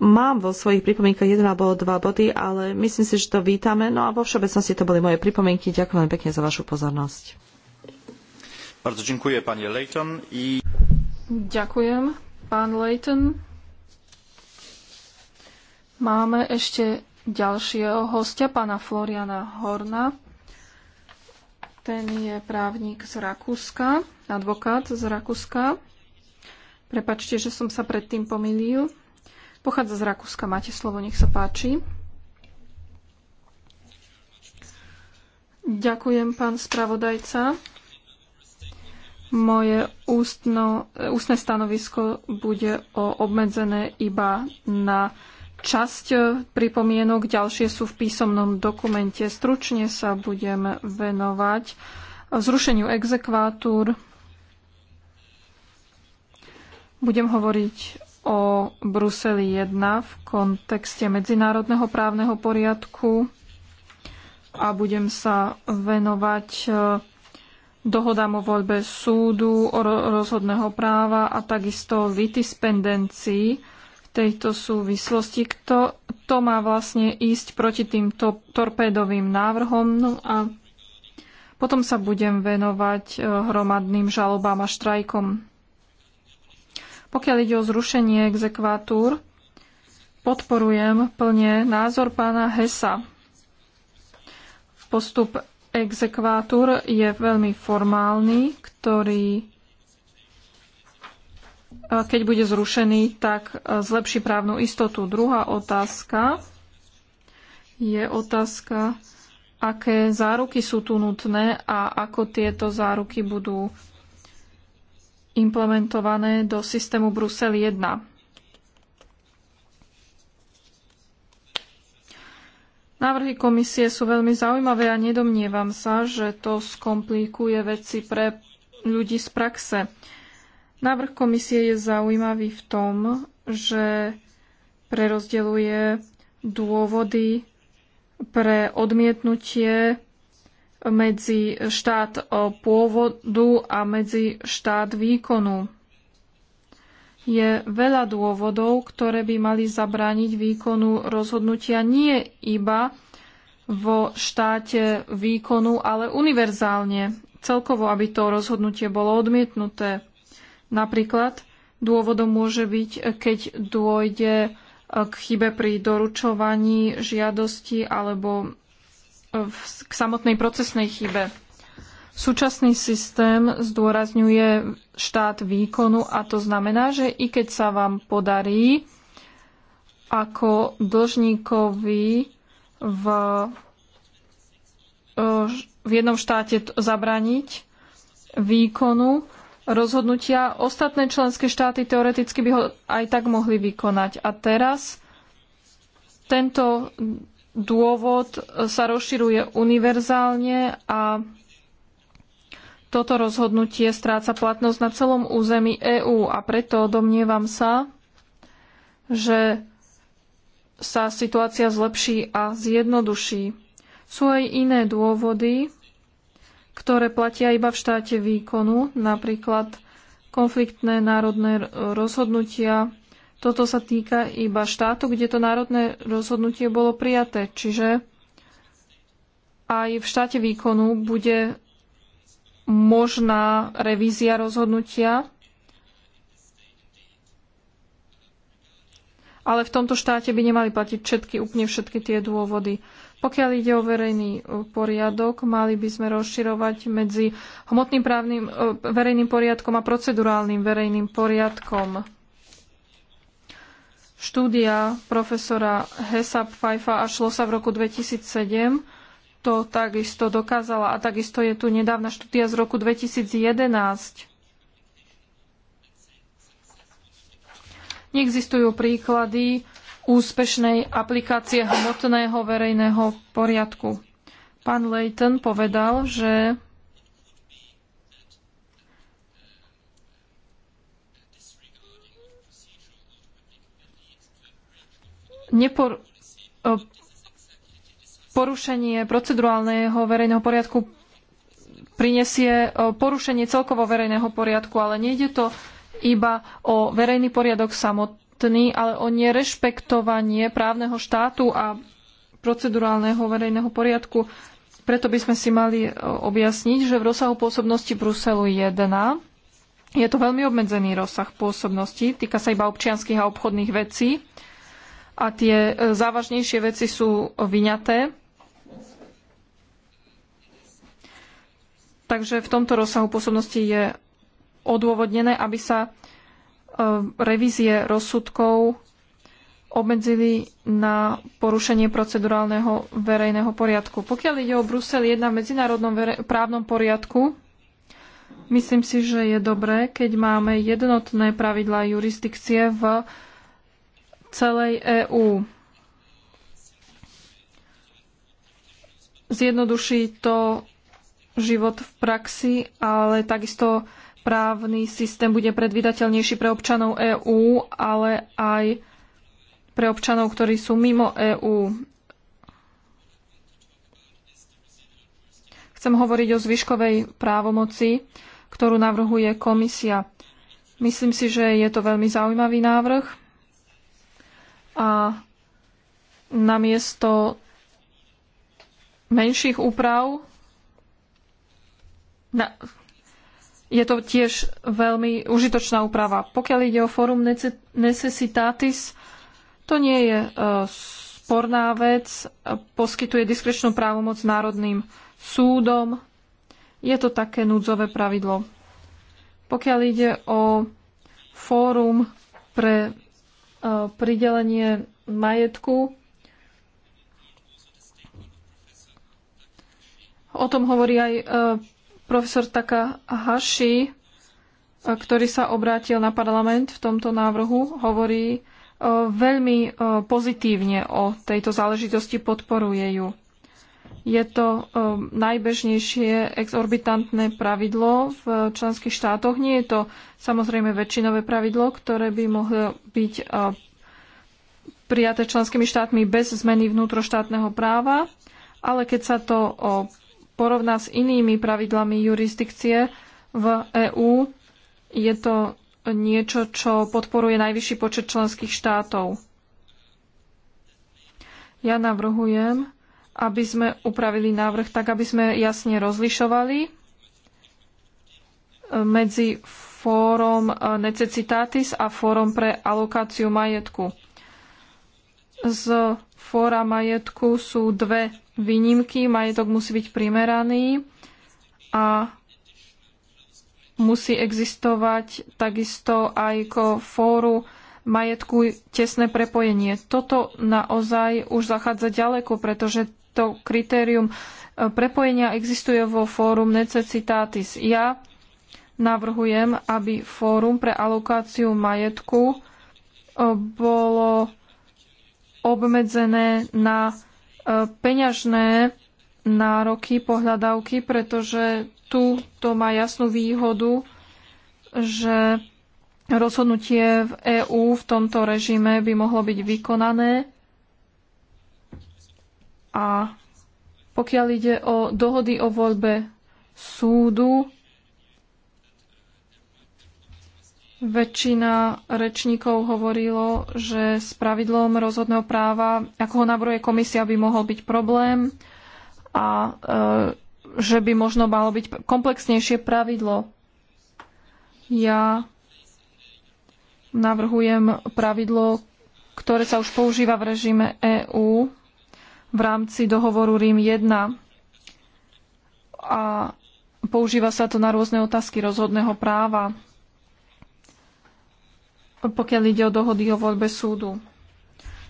mám vo svojich pripomienkach jeden alebo dva body, ale myslím si, že to vítame. No a vo všeobecnosti to boli moje pripomienky. Ďakujem veľmi pekne za vašu pozornosť. Ďakujem, pán Leighton. Máme ešte ďalšieho hostia, pána Floriana Horna. Ten je právnik z Rakúska, advokát z Rakúska. Prepačte, že som sa predtým pomýlil. Pochádza z Rakúska, máte slovo, nech sa páči. Ďakujem, pán spravodajca. Moje ústno, ústne stanovisko bude obmedzené iba na časť pripomienok, ďalšie sú v písomnom dokumente. Stručne sa budem venovať zrušeniu exekvátúr. Budem hovoriť o Bruseli 1 v kontexte medzinárodného právneho poriadku a budem sa venovať dohodám o voľbe súdu, o rozhodného práva a takisto vytispendencii v tejto súvislosti. Kto, to má vlastne ísť proti týmto torpédovým návrhom no a potom sa budem venovať e, hromadným žalobám a štrajkom. Pokiaľ ide o zrušenie exekvatúr, podporujem plne názor pána Hesa. Postup exekvátor je veľmi formálny, ktorý e, keď bude zrušený, tak e, zlepší právnu istotu. Druhá otázka je otázka, aké záruky sú tu nutné a ako tieto záruky budú implementované do systému Brusel 1. Návrhy komisie sú veľmi zaujímavé a nedomnievam sa, že to skomplikuje veci pre ľudí z praxe. Návrh komisie je zaujímavý v tom, že prerozdeluje dôvody pre odmietnutie medzi štát pôvodu a medzi štát výkonu je veľa dôvodov, ktoré by mali zabrániť výkonu rozhodnutia nie iba vo štáte výkonu, ale univerzálne, celkovo, aby to rozhodnutie bolo odmietnuté. Napríklad dôvodom môže byť, keď dôjde e, k chybe pri doručovaní žiadosti alebo e, k samotnej procesnej chybe. Súčasný systém zdôrazňuje štát výkonu a to znamená, že i keď sa vám podarí ako dlžníkovi v, e, v jednom štáte zabraniť výkonu rozhodnutia. Ostatné členské štáty teoreticky by ho aj tak mohli vykonať. A teraz tento dôvod sa rozširuje univerzálne a toto rozhodnutie stráca platnosť na celom území EÚ a preto domnievam sa, že sa situácia zlepší a zjednoduší. Sú aj iné dôvody, ktoré platia iba v štáte výkonu, napríklad konfliktné národné rozhodnutia. Toto sa týka iba štátu, kde to národné rozhodnutie bolo prijaté, čiže aj v štáte výkonu bude možná revízia rozhodnutia. Ale v tomto štáte by nemali platiť všetky, úplne všetky tie dôvody. Pokiaľ ide o verejný e, poriadok, mali by sme rozširovať medzi hmotným právnym, e, verejným poriadkom a procedurálnym verejným poriadkom. Štúdia profesora Hesa Pfeiffa a Šlosa v roku 2007 to takisto dokázala. A takisto je tu nedávna štúdia z roku 2011. Neexistujú príklady úspešnej aplikácie hmotného verejného poriadku. Pán Leighton povedal, že nepor, porušenie procedurálneho verejného poriadku prinesie e, porušenie celkovo verejného poriadku, ale nejde to iba o verejný poriadok samotný, ale o nerešpektovanie právneho štátu a procedurálneho verejného poriadku. Preto by sme si mali e, objasniť, že v rozsahu pôsobnosti Bruselu 1 je to veľmi obmedzený rozsah pôsobnosti, týka sa iba občianskych a obchodných vecí a tie e, závažnejšie veci sú vyňaté Takže v tomto rozsahu pôsobnosti je odôvodnené, aby sa e, revízie rozsudkov obmedzili na porušenie procedurálneho verejného poriadku. Pokiaľ ide o Brusel 1 v medzinárodnom právnom poriadku, myslím si, že je dobré, keď máme jednotné pravidlá jurisdikcie v celej EÚ. Zjednoduší to život v praxi, ale takisto právny systém bude predvydateľnejší pre občanov EÚ, ale aj pre občanov, ktorí sú mimo EÚ. Chcem hovoriť o zvyškovej právomoci, ktorú navrhuje komisia. Myslím si, že je to veľmi zaujímavý návrh a namiesto menších úprav na, je to tiež veľmi užitočná úprava. Pokiaľ ide o forum necessitatis, to nie je e, sporná vec, poskytuje diskrečnú právomoc národným súdom. Je to také núdzové pravidlo. Pokiaľ ide o fórum pre e, pridelenie majetku, o tom hovorí aj e, profesor Taka Haši, ktorý sa obrátil na parlament v tomto návrhu, hovorí e, veľmi e, pozitívne o tejto záležitosti, podporuje ju. Je to e, najbežnejšie exorbitantné pravidlo v členských štátoch. Nie je to samozrejme väčšinové pravidlo, ktoré by mohlo byť prijaté členskými štátmi bez zmeny vnútroštátneho práva, ale keď sa to porovná s inými pravidlami jurisdikcie v EÚ, je to niečo, čo podporuje najvyšší počet členských štátov. Ja navrhujem, aby sme upravili návrh tak, aby sme jasne rozlišovali medzi fórom necessitatis a fórom pre alokáciu majetku. Z fóra majetku sú dve výnimky, majetok musí byť primeraný a musí existovať takisto aj ko fóru majetku tesné prepojenie. Toto naozaj už zachádza ďaleko, pretože to kritérium e, prepojenia existuje vo fórum necessitatis. Ja navrhujem, aby fórum pre alokáciu majetku e, bolo obmedzené na E, peňažné nároky, pohľadávky, pretože tu to má jasnú výhodu, že rozhodnutie v EÚ v tomto režime by mohlo byť vykonané a pokiaľ ide o dohody o voľbe súdu, Väčšina rečníkov hovorilo, že s pravidlom rozhodného práva, ako ho navrhuje komisia, by mohol byť problém a e, že by možno malo byť komplexnejšie pravidlo. Ja navrhujem pravidlo, ktoré sa už používa v režime EÚ v rámci dohovoru Rím 1 a používa sa to na rôzne otázky rozhodného práva pokiaľ ide o dohody o voľbe súdu.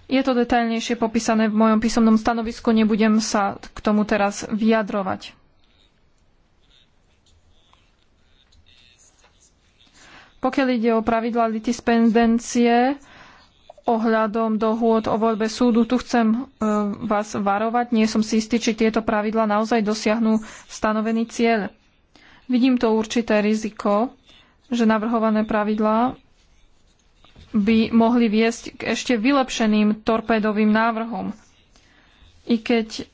Je to detailnejšie popísané v mojom písomnom stanovisku, nebudem sa k tomu teraz vyjadrovať. Pokiaľ ide o pravidla litispendencie ohľadom dohôd o voľbe súdu, tu chcem e, vás varovať. Nie som si istý, či tieto pravidla naozaj dosiahnu stanovený cieľ. Vidím to určité riziko, že navrhované pravidlá by mohli viesť k ešte vylepšeným torpédovým návrhom. I keď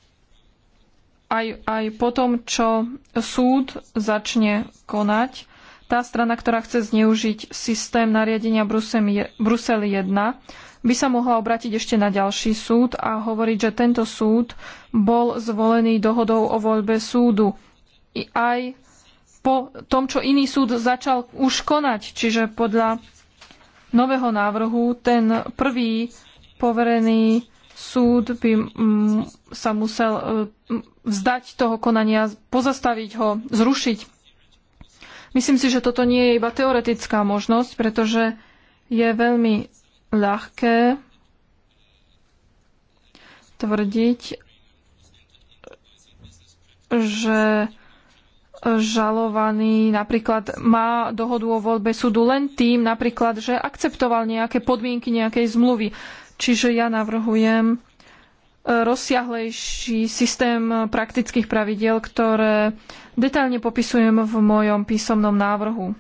aj, aj po tom, čo súd začne konať, tá strana, ktorá chce zneužiť systém nariadenia Brusel 1, by sa mohla obrátiť ešte na ďalší súd a hovoriť, že tento súd bol zvolený dohodou o voľbe súdu. I aj po tom, čo iný súd začal už konať, čiže podľa nového návrhu ten prvý poverený súd by mm, sa musel e, vzdať toho konania, pozastaviť ho, zrušiť. Myslím si, že toto nie je iba teoretická možnosť, pretože je veľmi ľahké tvrdiť, že žalovaný napríklad má dohodu o voľbe súdu len tým napríklad, že akceptoval nejaké podmienky nejakej zmluvy. Čiže ja navrhujem e, rozsiahlejší systém praktických pravidiel, ktoré detailne popisujem v mojom písomnom návrhu.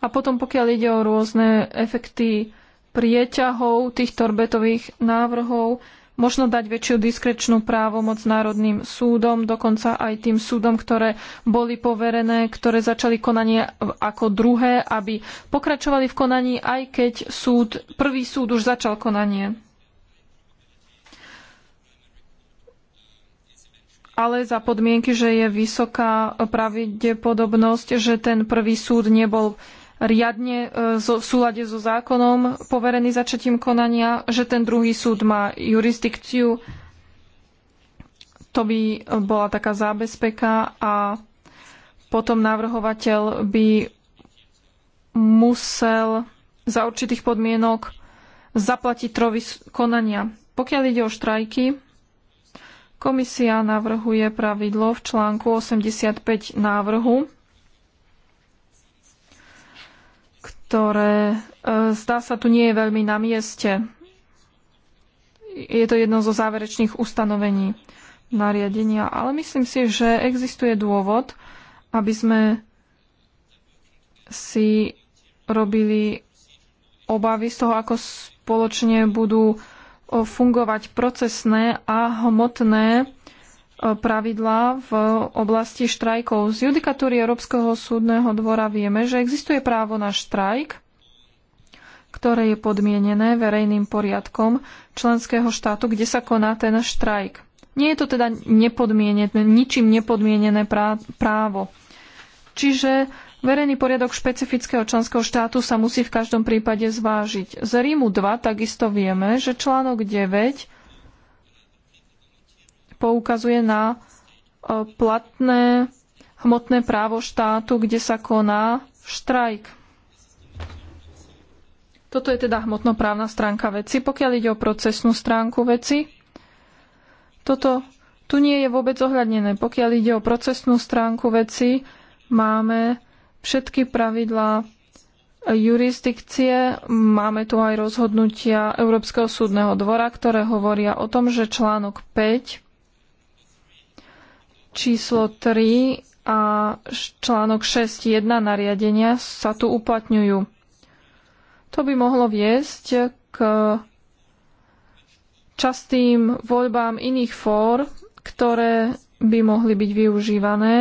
A potom, pokiaľ ide o rôzne efekty prieťahov týchto orbetových návrhov, Možno dať väčšiu diskrečnú právomoc národným súdom, dokonca aj tým súdom, ktoré boli poverené, ktoré začali konanie ako druhé, aby pokračovali v konaní, aj keď súd, prvý súd už začal konanie. ale za podmienky, že je vysoká pravdepodobnosť, že ten prvý súd nebol riadne e, v súlade so zákonom poverený začatím konania, že ten druhý súd má jurisdikciu. To by bola taká zábezpeka a potom navrhovateľ by musel za určitých podmienok zaplatiť trovy konania. Pokiaľ ide o štrajky, komisia navrhuje pravidlo v článku 85 návrhu, ktoré e, zdá sa tu nie je veľmi na mieste. Je to jedno zo záverečných ustanovení nariadenia, ale myslím si, že existuje dôvod, aby sme si robili obavy z toho, ako spoločne budú e, fungovať procesné a hmotné pravidlá v oblasti štrajkov. Z judikatúry Európskeho súdneho dvora vieme, že existuje právo na štrajk, ktoré je podmienené verejným poriadkom členského štátu, kde sa koná ten štrajk. Nie je to teda nepodmienené, ničím nepodmienené právo. Čiže verejný poriadok špecifického členského štátu sa musí v každom prípade zvážiť. Z Rímu 2 takisto vieme, že článok 9 poukazuje na e, platné hmotné právo štátu, kde sa koná štrajk. Toto je teda hmotnoprávna stránka veci. Pokiaľ ide o procesnú stránku veci, toto tu nie je vôbec ohľadnené. Pokiaľ ide o procesnú stránku veci, máme všetky pravidlá jurisdikcie. Máme tu aj rozhodnutia Európskeho súdneho dvora, ktoré hovoria o tom, že článok 5 číslo 3 a článok 6.1 nariadenia sa tu uplatňujú. To by mohlo viesť k častým voľbám iných fór, ktoré by mohli byť využívané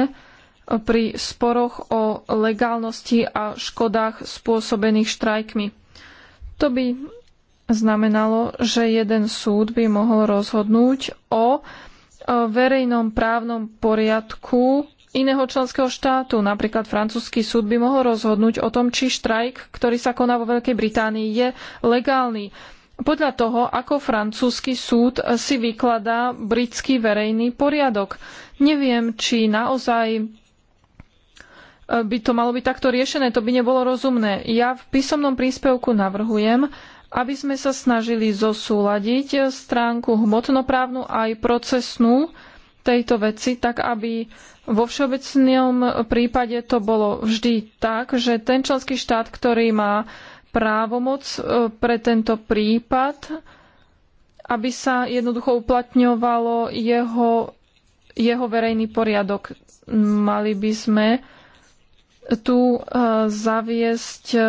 pri sporoch o legálnosti a škodách spôsobených štrajkmi. To by znamenalo, že jeden súd by mohol rozhodnúť o verejnom právnom poriadku iného členského štátu. Napríklad francúzsky súd by mohol rozhodnúť o tom, či štrajk, ktorý sa koná vo Veľkej Británii, je legálny. Podľa toho, ako francúzsky súd si vykladá britský verejný poriadok. Neviem, či naozaj e, by to malo byť takto riešené, to by nebolo rozumné. Ja v písomnom príspevku navrhujem, aby sme sa snažili zosúladiť stránku hmotnoprávnu aj procesnú tejto veci, tak aby vo všeobecnom prípade to bolo vždy tak, že ten členský štát, ktorý má právomoc e, pre tento prípad, aby sa jednoducho uplatňovalo jeho, jeho verejný poriadok. Mali by sme tu e, zaviesť e,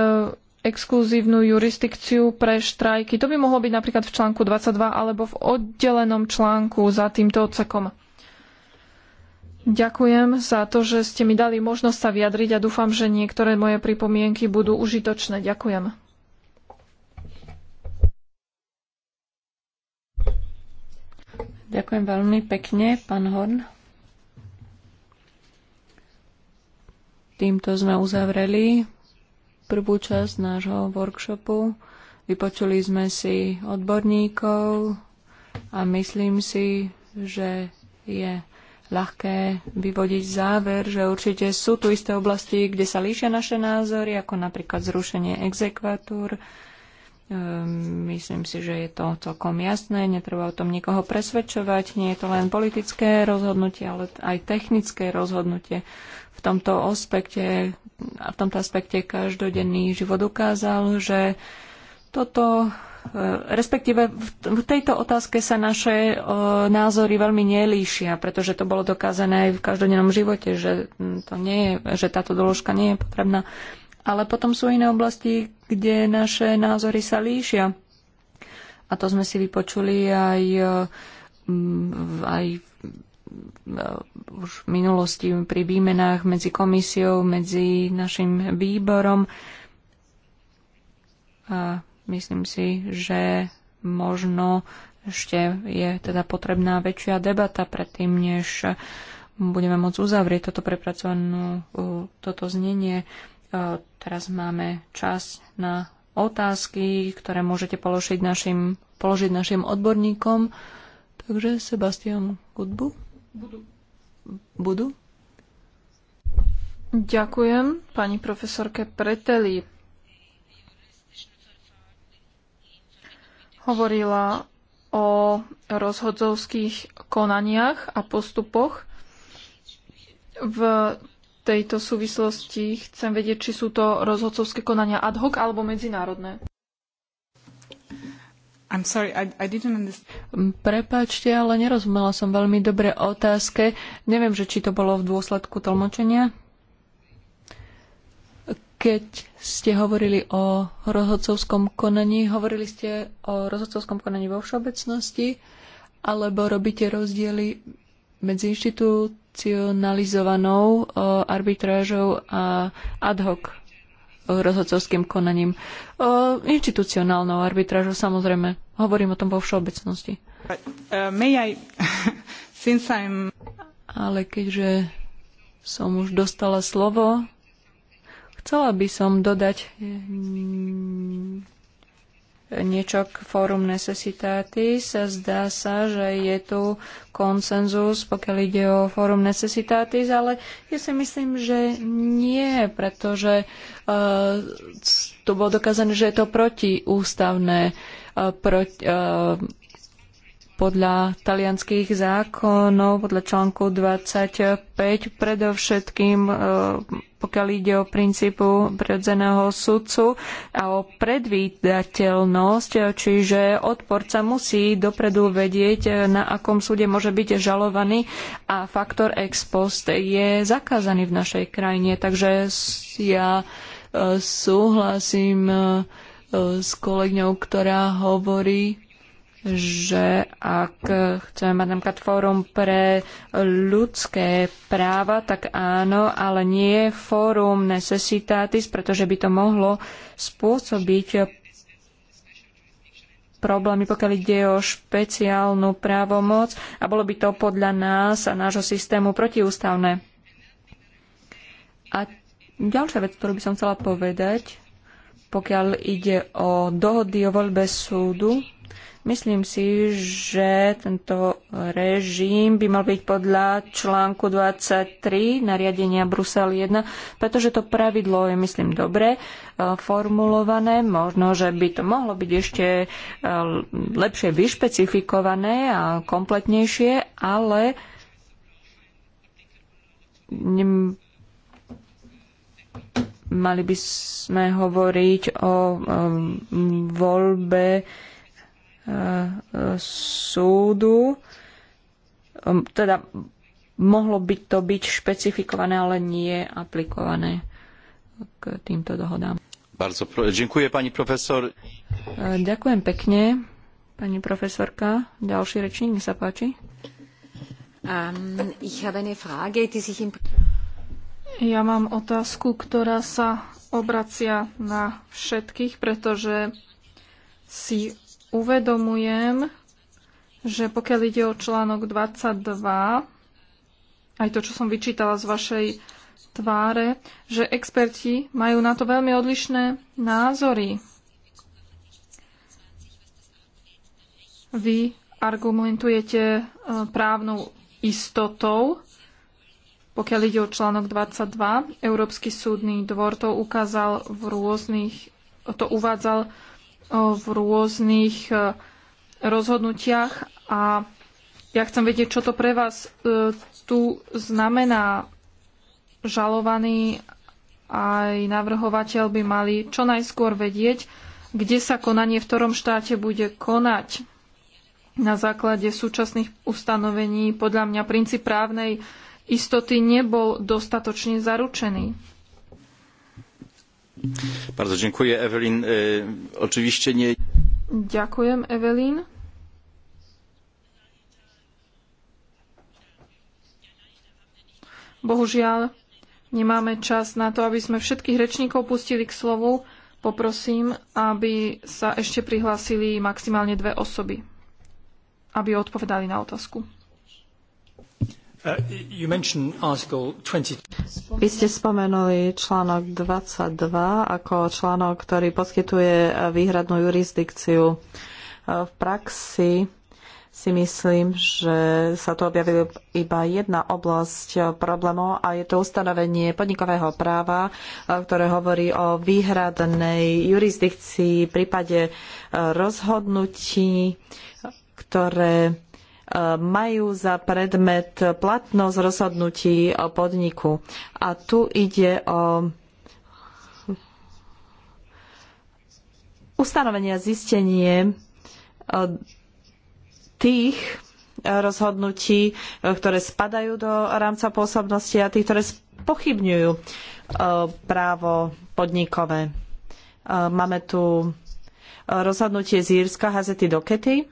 exkluzívnu jurisdikciu pre štrajky. To by mohlo byť napríklad v článku 22 alebo v oddelenom článku za týmto odsekom. Ďakujem za to, že ste mi dali možnosť sa vyjadriť a dúfam, že niektoré moje pripomienky budú užitočné. Ďakujem. Ďakujem veľmi pekne, pán Horn. Týmto sme uzavreli prvú časť nášho workshopu. Vypočuli sme si odborníkov a myslím si, že je ľahké vyvodiť záver, že určite sú tu isté oblasti, kde sa líšia naše názory, ako napríklad zrušenie exekvatúr. Ehm, myslím si, že je to celkom jasné, netreba o tom nikoho presvedčovať, nie je to len politické rozhodnutie, ale aj technické rozhodnutie v tomto aspekte, v tomto aspekte každodenný život ukázal, že toto, e, respektíve v tejto otázke sa naše e, názory veľmi nelíšia, pretože to bolo dokázané aj v každodennom živote, že, to nie je, že táto doložka nie je potrebná. Ale potom sú iné oblasti, kde naše názory sa líšia. A to sme si vypočuli aj, e, aj v Eh, už v minulosti pri výmenách medzi komisiou, medzi našim výborom. A myslím si, že možno ešte je teda potrebná väčšia debata predtým, než budeme môcť uzavrieť toto prepracovanú, eh, toto znenie. Eh, teraz máme čas na otázky, ktoré môžete položiť našim, položiť našim odborníkom. Takže Sebastian Kudbu. Budú. Budú? Ďakujem pani profesorke Preteli. Hovorila o rozhodcovských konaniach a postupoch. V tejto súvislosti chcem vedieť, či sú to rozhodcovské konania ad hoc alebo medzinárodné. I'm sorry, I, I didn't understand. Mm, Prepačte, ale nerozumela som veľmi dobre otázke. Neviem, že či to bolo v dôsledku tlmočenia. Keď ste hovorili o rozhodcovskom konaní, hovorili ste o rozhodcovskom konaní vo všeobecnosti, alebo robíte rozdiely medzi inštitucionalizovanou arbitrážou a ad hoc rozhodcovským konaním. O inštitucionálnou arbitrážou samozrejme. Hovorím o tom vo všeobecnosti. Uh, ale keďže som už dostala slovo, chcela by som dodať mm, niečo k Forum Necessitatis. Zdá sa, že je tu konsenzus, pokiaľ ide o Forum Necessitatis, ale ja si myslím, že nie, pretože Eh, tu bolo dokázané, že je to protiústavné eh, proti, eh, podľa talianských zákonov, podľa článku 25, predovšetkým pokiaľ ide o princípu prirodzeného sudcu a o predvídateľnosť, čiže odporca musí dopredu vedieť, na akom súde môže byť žalovaný a faktor ex post je zakázaný v našej krajine. Takže ja súhlasím e, s kolegňou, ktorá hovorí, že ak chceme mať napríklad fórum pre ľudské práva, tak áno, ale nie fórum necessitatis, pretože by to mohlo spôsobiť problémy, pokiaľ ide o špeciálnu právomoc a bolo by to podľa nás a nášho systému protiústavné. A Ďalšia vec, ktorú by som chcela povedať, pokiaľ ide o dohody o voľbe súdu, myslím si, že tento režim by mal byť podľa článku 23 nariadenia Brusel 1, pretože to pravidlo je, myslím, dobre e, formulované. Možno, že by to mohlo byť ešte e, lepšie vyšpecifikované a kompletnejšie, ale Mali by sme hovoriť o voľbe e, súdu. Teda mohlo by to byť špecifikované, ale nie aplikované k týmto dohodám. Bardzo dziękuję pani profesor. E, ďakujem pekne, pani profesorka. Ďalší rečník, nech sa páči. Um, ich habe eine Frage, die sich im ja mám otázku, ktorá sa obracia na všetkých, pretože si uvedomujem, že pokiaľ ide o článok 22, aj to, čo som vyčítala z vašej tváre, že experti majú na to veľmi odlišné názory. Vy argumentujete e, právnou istotou, pokiaľ ide o článok 22, Európsky súdny dvor to ukázal v rôznych, to uvádzal v rôznych e, rozhodnutiach a ja chcem vedieť, čo to pre vás e, tu znamená. Žalovaný aj navrhovateľ by mali čo najskôr vedieť, kde sa konanie v ktorom štáte bude konať. Na základe súčasných ustanovení podľa mňa princíp právnej istoty nebol dostatočne zaručený. Bardzo dziękuję, Evelyn. E, oczywiście nie... Ďakujem, Evelyn. Bohužiaľ, nemáme čas na to, aby sme všetkých rečníkov pustili k slovu. Poprosím, aby sa ešte prihlásili maximálne dve osoby, aby odpovedali na otázku. Uh, Vy ste spomenuli článok 22 ako článok, ktorý poskytuje výhradnú jurisdikciu. Uh, v praxi si myslím, že sa tu objavila iba jedna oblasť problémov a je to ustanovenie podnikového práva, uh, ktoré hovorí o výhradnej jurisdikcii v prípade rozhodnutí, ktoré majú za predmet platnosť rozhodnutí podniku. A tu ide o ustanovenia zistenie e, tých rozhodnutí, e, ktoré spadajú do rámca pôsobnosti a tých, ktoré pochybňujú e, právo podnikové. Máme tu rozhodnutie z Írska Hazety do Kety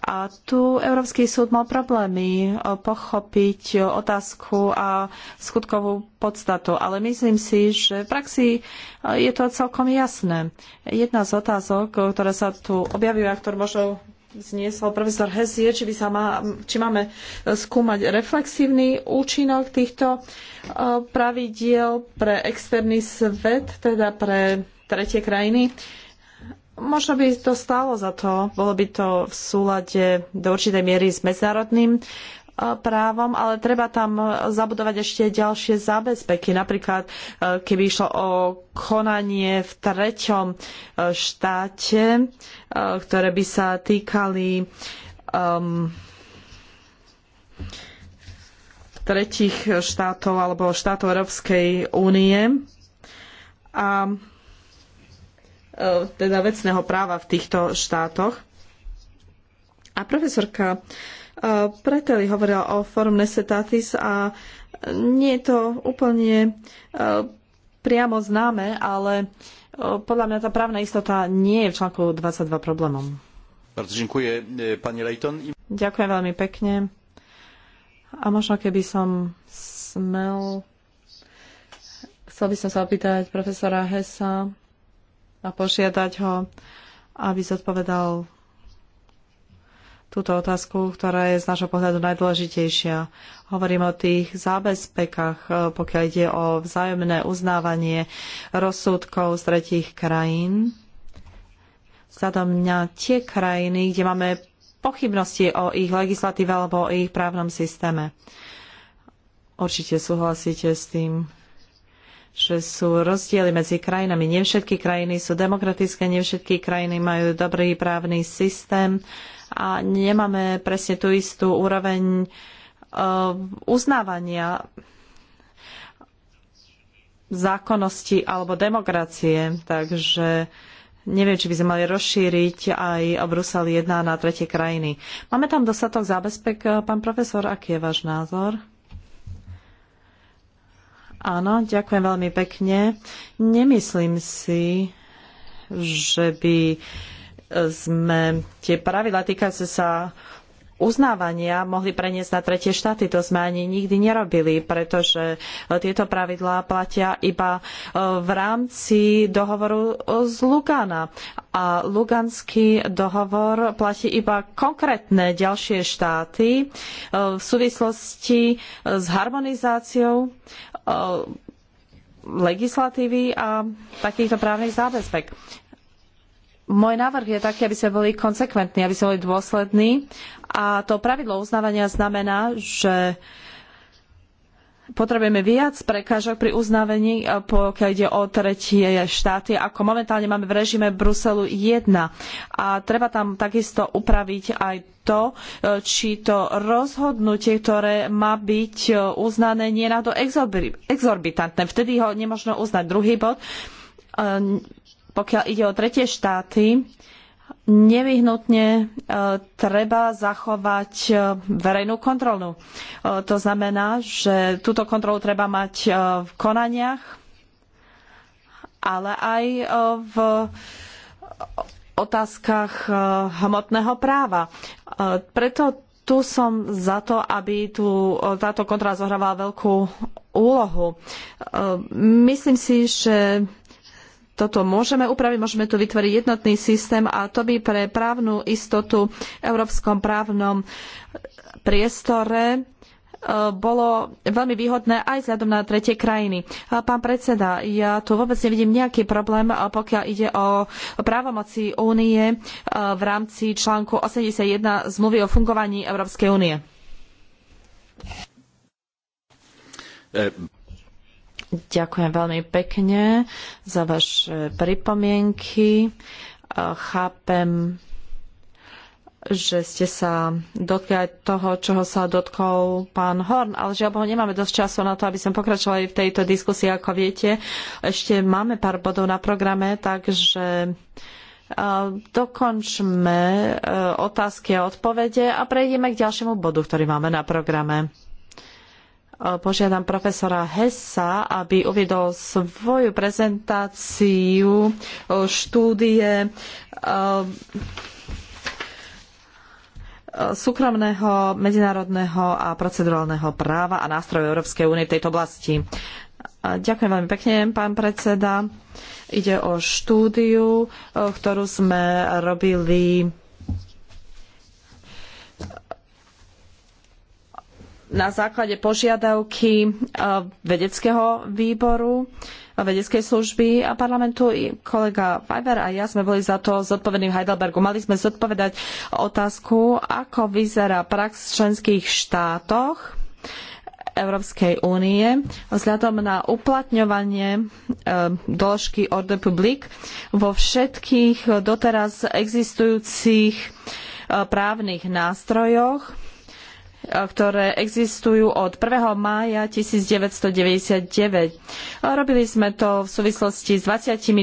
a tu Európsky súd mal problémy e, pochopiť otázku a skutkovú podstatu, ale myslím si, že v praxi e, je to celkom jasné. Jedna z otázok, e, ktoré sa tu objavila, a možno zniesol profesor Hess je, či, by sa má, či máme skúmať reflexívny účinok týchto pravidiel pre externý svet, teda pre tretie krajiny. Možno by to stálo za to, bolo by to v súlade do určitej miery s medzinárodným e, právom, ale treba tam zabudovať ešte ďalšie zábezpeky. Napríklad, e, keby išlo o konanie v treťom e, štáte, ktoré by sa týkali um, tretich štátov alebo štátov Európskej únie. A E, teda vecného práva v týchto štátoch. A profesorka e, Preteli hovorila o forum necetatis a nie je to úplne e, priamo známe, ale podľa mňa tá právna istota nie je v článku 22 problémom. Ďakujem veľmi pekne. A možno keby som smel, chcel by som sa opýtať profesora Hesa a požiadať ho, aby zodpovedal túto otázku, ktorá je z nášho pohľadu najdôležitejšia. Hovorím o tých zábezpekách, e, pokiaľ ide o vzájomné uznávanie rozsudkov z tretích krajín. Vzhľadom na tie krajiny, kde máme pochybnosti o ich legislatíve alebo o ich právnom systéme. Určite súhlasíte s tým, že sú rozdiely medzi krajinami. Nie všetky krajiny sú demokratické, nie všetky krajiny majú dobrý právny systém a nemáme presne tú istú úroveň uh, uznávania zákonnosti alebo demokracie. Takže neviem, či by sme mali rozšíriť aj Brusel 1 na tretie krajiny. Máme tam dostatok zábezpek, e, pán profesor, aký je váš názor? Áno, ďakujem veľmi pekne. Nemyslím si, že by e, sme tie pravidla týkajúce sa uznávania mohli preniesť na tretie štáty. To sme ani nikdy nerobili, pretože e, tieto pravidlá platia iba e, v rámci dohovoru e, z Lugana. A Luganský dohovor platí iba konkrétne ďalšie štáty v súvislosti s harmonizáciou legislatívy a takýchto právnych zábezpek môj návrh je taký, aby sme boli konsekventní, aby sme boli dôslední a to pravidlo uznávania znamená, že potrebujeme viac prekážok pri uznávaní, eh, pokiaľ ide o tretie štáty, ako momentálne máme v režime Bruselu 1. A treba tam takisto upraviť aj to, eh, či to rozhodnutie, ktoré má byť eh, uznané, nie je na to exorbitantné. Vtedy ho nemožno uznať. Druhý bod, pokiaľ ide o tretie štáty, nevyhnutne e, treba zachovať e, verejnú kontrolu. E, to znamená, že túto kontrolu treba mať v konaniach, ale aj v otázkach hmotného práva. Preto tu som za to, aby tu, táto kontrola zohrávala veľkú úlohu. Myslím si, že toto môžeme upraviť, môžeme tu vytvoriť jednotný systém a to by pre právnu istotu v európskom právnom priestore e, bolo veľmi výhodné aj vzhľadom na tretie krajiny. Pán predseda, ja tu vôbec nevidím nejaký problém, pokiaľ ide o právomoci únie e, v rámci článku 81 zmluvy o fungovaní Európskej únie. E, Ďakujem veľmi pekne za vaše pripomienky. Chápem, že ste sa dotkli aj toho, čoho sa dotkol pán Horn, ale žiaľ Bohu, nemáme dosť času na to, aby sme pokračovali v tejto diskusii, ako viete. Ešte máme pár bodov na programe, takže dokončme e, otázky a odpovede a prejdeme k ďalšiemu bodu, ktorý máme na programe požiadam profesora Hessa, aby uviedol svoju prezentáciu e, štúdie e, e, súkromného, medzinárodného a procedurálneho práva a nástrojov Európskej únie v tejto oblasti. Ďakujem veľmi pekne, pán predseda. Ide o štúdiu, ktorú sme robili na základe požiadavky e, vedeckého výboru, e, vedeckej služby a parlamentu. I kolega Weber a ja sme boli za to zodpovední v Heidelbergu. Mali sme zodpovedať otázku, ako vyzerá prax v členských štátoch Európskej únie vzhľadom na uplatňovanie e, doložky Ordre Public vo všetkých doteraz existujúcich e, právnych nástrojoch ktoré existujú od 1. mája 1999. Robili sme to v súvislosti s 23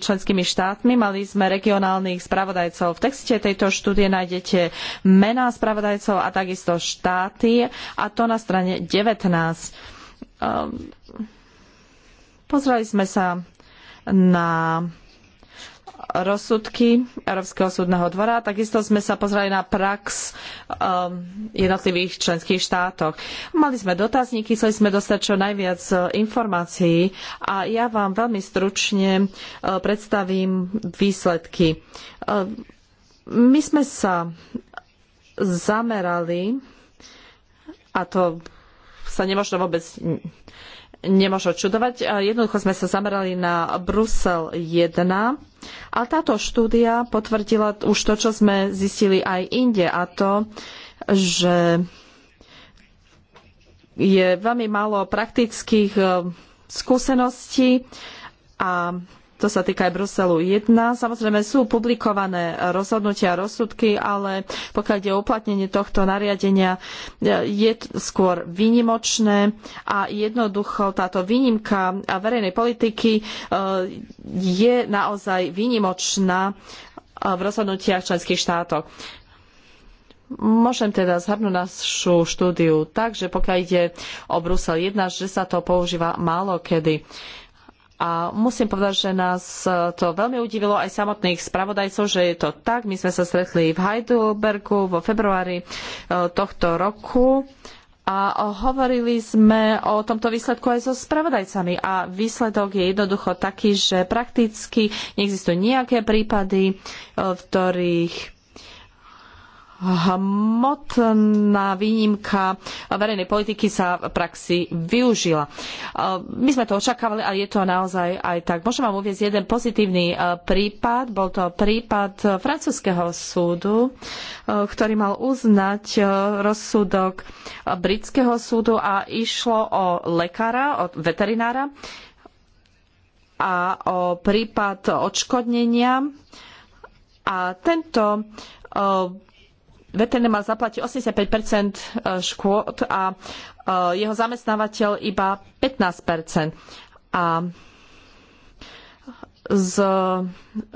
členskými štátmi, mali sme regionálnych spravodajcov. V texte tejto štúdie nájdete mená spravodajcov a takisto štáty, a to na strane 19. Ehm, Pozreli sme sa na rozsudky Európskeho súdneho dvora. Takisto sme sa pozreli na prax um, jednotlivých členských štátoch. Mali sme dotazníky, chceli sme dostať čo najviac uh, informácií a ja vám veľmi stručne uh, predstavím výsledky. Uh, my sme sa zamerali, a to sa nemožno vôbec nemôže čudovať. Jednoducho sme sa zamerali na Brusel 1 a táto štúdia potvrdila už to, čo sme zistili aj inde a to, že je veľmi málo praktických eh, skúseností a to sa týka aj Bruselu 1. Samozrejme sú publikované rozhodnutia a rozsudky, ale pokiaľ ide o uplatnenie tohto nariadenia, je skôr výnimočné a jednoducho táto výnimka verejnej politiky e, je naozaj výnimočná e, v rozhodnutiach členských štátov. Môžem teda zhrnúť našu štúdiu tak, že pokiaľ ide o Brusel 1, že sa to používa málo kedy. Uh, a musím povedať, že nás to veľmi udivilo aj samotných spravodajcov, že je to tak. My sme sa stretli v Heidelbergu vo februári e, tohto roku a hovorili sme o tomto výsledku aj so spravodajcami a výsledok je jednoducho taký, že prakticky neexistujú nejaké prípady, e, v ktorých hmotná výnimka verejnej politiky sa v praxi využila. E, my sme to očakávali, ale je to naozaj aj tak. Môžem vám uvieť jeden pozitívny e, prípad. Bol to prípad francúzského súdu, e, ktorý mal uznať rozsudok britského súdu a išlo o lekára, o veterinára a o prípad odškodnenia. A tento veterinár mal zaplatiť 85 e, škôd a e, jeho zamestnávateľ iba 15 A z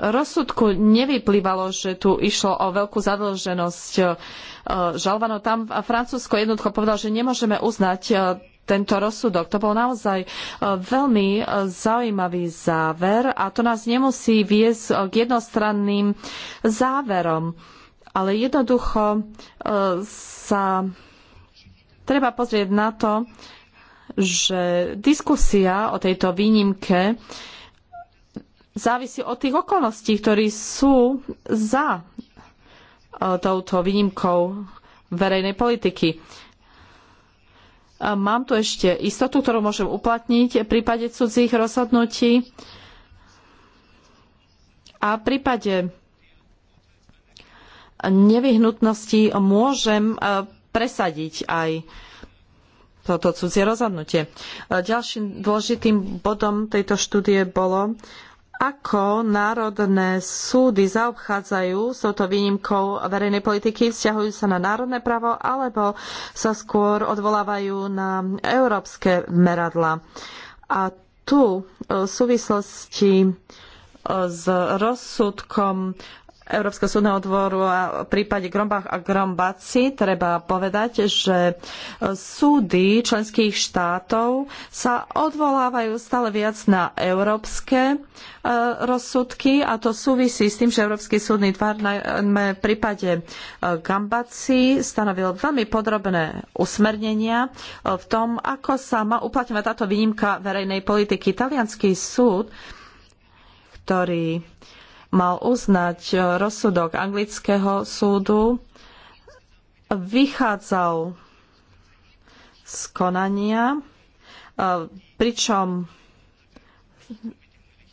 rozsudku nevyplývalo, že tu išlo o veľkú zadlženosť e, žalvanov. Tam Francúzsko jednoducho povedalo, že nemôžeme uznať tento rozsudok. To bol naozaj veľmi zaujímavý záver a to nás nemusí viesť k jednostranným záverom ale jednoducho e, sa treba pozrieť na to, že diskusia o tejto výnimke závisí od tých okolností, ktorí sú za e, touto výnimkou verejnej politiky. Mám tu ešte istotu, ktorú môžem uplatniť v prípade cudzích rozhodnutí a v prípade nevyhnutnosti môžem e, presadiť aj toto cudzie rozhodnutie. E, ďalším dôležitým bodom tejto štúdie bolo, ako národné súdy zaobchádzajú s touto výnimkou verejnej politiky, vzťahujú sa na národné právo alebo sa skôr odvolávajú na európske meradla. A tu e, v súvislosti s rozsudkom Európskeho súdneho dvoru a v prípade Grombach a Grombaci treba povedať, že súdy členských štátov sa odvolávajú stále viac na európske e, rozsudky a to súvisí s tým, že Európsky súdny dvor najmä v prípade e, Gambaci stanovil veľmi podrobné usmernenia e, v tom, ako sa má uplatňovať táto výnimka verejnej politiky. Talianský súd ktorý mal uznať e, rozsudok anglického súdu, vychádzal z konania, e, pričom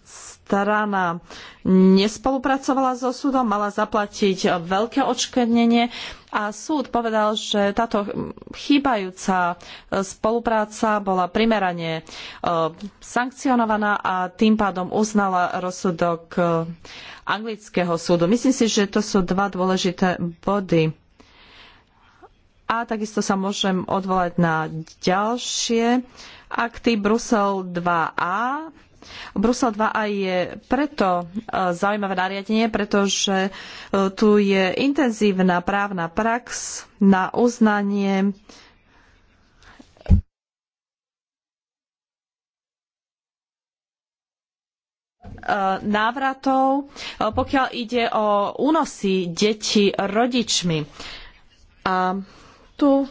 strana nespolupracovala so súdom, mala zaplatiť veľké odškodnenie a súd povedal, že táto chýbajúca e, spolupráca bola primerane e, sankcionovaná a tým pádom uznala rozsudok e, anglického súdu. Myslím si, že to sú dva dôležité body. A takisto sa môžem odvolať na ďalšie akty Brusel 2a Brusel 2 aj je preto e, zaujímavé nariadenie, pretože e, tu je intenzívna právna prax na uznanie e, návratov, pokiaľ ide o únosy detí rodičmi. A tu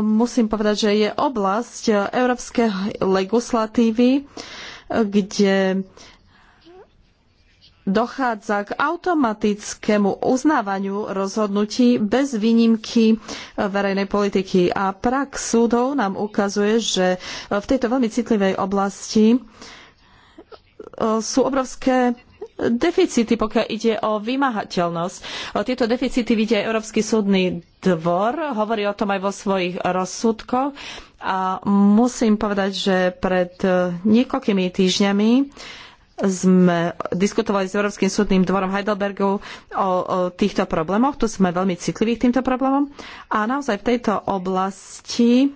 musím povedať, že je oblasť európskej legislatívy, kde dochádza k automatickému uznávaniu rozhodnutí bez výnimky verejnej politiky. A prax súdov nám ukazuje, že v tejto veľmi citlivej oblasti sú obrovské deficity, pokiaľ ide o vymahateľnosť. Tieto deficity vidia Európsky súdny dvor, hovorí o tom aj vo svojich rozsudkoch a musím povedať, že pred e, niekoľkými týždňami sme diskutovali s Európskym súdnym dvorom Heidelbergu o, o týchto problémoch. Tu sme veľmi citliví k týmto problémom. A naozaj v tejto oblasti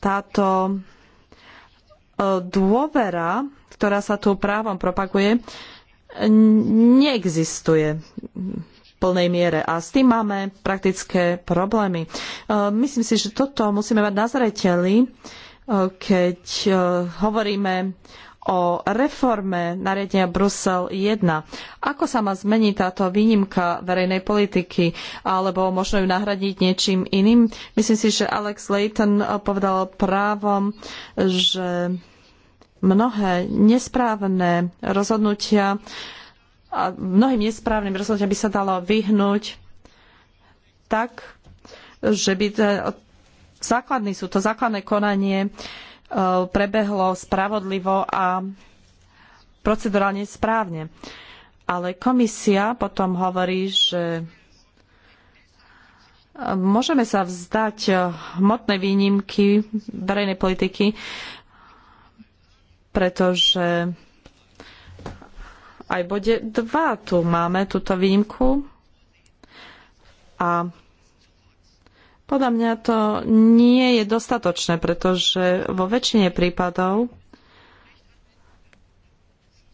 táto e, dôvera ktorá sa tu právom propaguje, neexistuje v plnej miere a s tým máme praktické problémy. E, myslím si, že toto musíme mať na zreteli, e, keď e, hovoríme o reforme nariadenia Brusel 1. Ako sa má zmeniť táto výnimka verejnej politiky, alebo možno ju nahradiť niečím iným? Myslím si, že Alex Layton povedal právom, že mnohé nesprávne rozhodnutia a mnohým nesprávnym rozhodnutiam by sa dalo vyhnúť tak, že by to, základný sú to základné konanie e, prebehlo spravodlivo a procedurálne správne. Ale komisia potom hovorí, že e, môžeme sa vzdať e, hmotnej výnimky verejnej politiky pretože aj bode 2 tu máme túto výjimku a podľa mňa to nie je dostatočné, pretože vo väčšine prípadov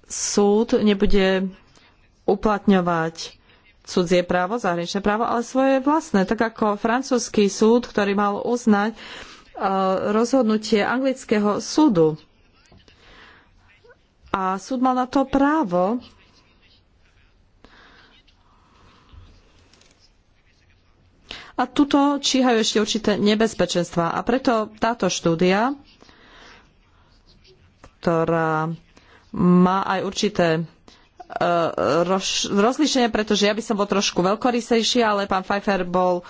súd nebude uplatňovať cudzie právo, zahraničné právo, ale svoje vlastné. Tak ako francúzsky súd, ktorý mal uznať e, rozhodnutie anglického súdu. A súd mal na to právo. A tuto číhajú ešte určité nebezpečenstva. A preto táto štúdia, ktorá má aj určité e, rozlíšenie, pretože ja by som bol trošku veľkorysejší, ale pán Pfeiffer bol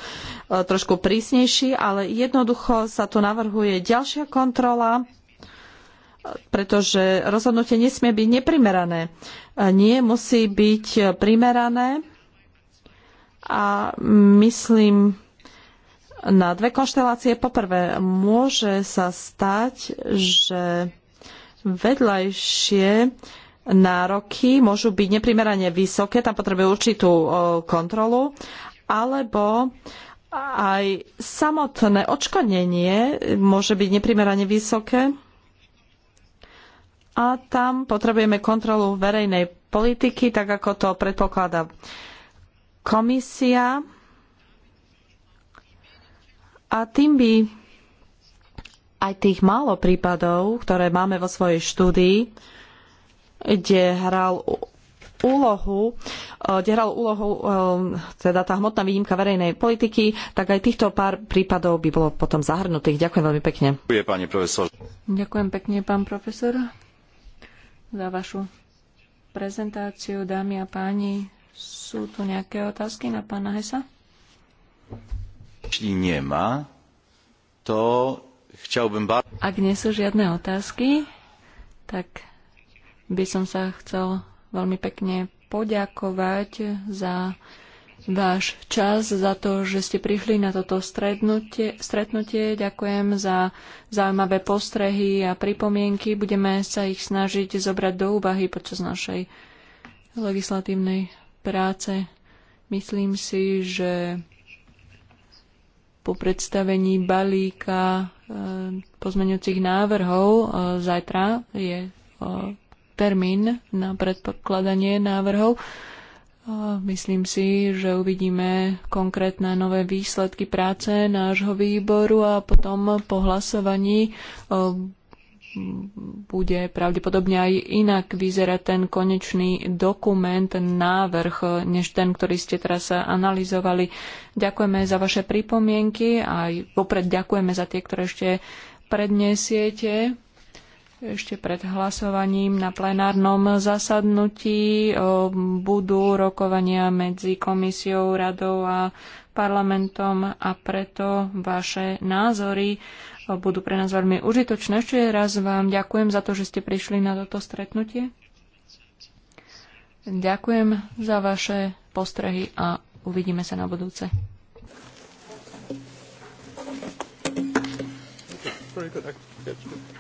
e, trošku prísnejší, ale jednoducho sa tu navrhuje ďalšia kontrola pretože rozhodnutie nesmie byť neprimerané. Nie musí byť primerané a myslím na dve konštelácie. Poprvé, môže sa stať, že vedľajšie nároky môžu byť neprimerane vysoké, tam potrebuje určitú kontrolu, alebo aj samotné odškodnenie môže byť neprimerane vysoké a tam potrebujeme kontrolu verejnej politiky, tak ako to predpokladá komisia. A tým by aj tých málo prípadov, ktoré máme vo svojej štúdii, kde hral úlohu, eh, kde hral úlohu eh, teda tá hmotná výnimka verejnej politiky, tak aj týchto pár prípadov by bolo potom zahrnutých. Ďakujem veľmi pekne. Ďakujem, pekne, pán profesor za vašu prezentáciu. Dámy a páni, sú tu nejaké otázky na pána Hesa? Či nemá, to chciałbym bardzo... Ak nie sú žiadne otázky, tak by som sa chcel veľmi pekne poďakovať za váš čas, za to, že ste prišli na toto stretnutie. stretnutie. Ďakujem za zaujímavé postrehy a pripomienky. Budeme sa ich snažiť zobrať do úvahy počas našej legislatívnej práce. Myslím si, že po predstavení balíka e, pozmeňujúcich návrhov e, zajtra je e, termín na predpokladanie návrhov. Myslím si, že uvidíme konkrétne nové výsledky práce nášho výboru a potom po hlasovaní e, bude pravdepodobne aj inak vyzerať ten konečný dokument, ten návrh, než ten, ktorý ste teraz analyzovali. Ďakujeme za vaše pripomienky a aj vopred ďakujeme za tie, ktoré ešte prednesiete ešte pred hlasovaním na plenárnom zasadnutí eh, budú rokovania medzi komisiou, radou a parlamentom a preto vaše názory eh, budú pre nás veľmi užitočné. Ešte raz vám ďakujem za to, že ste prišli na toto stretnutie. Ďakujem za vaše postrehy a uvidíme sa na budúce. Okay, very good. good.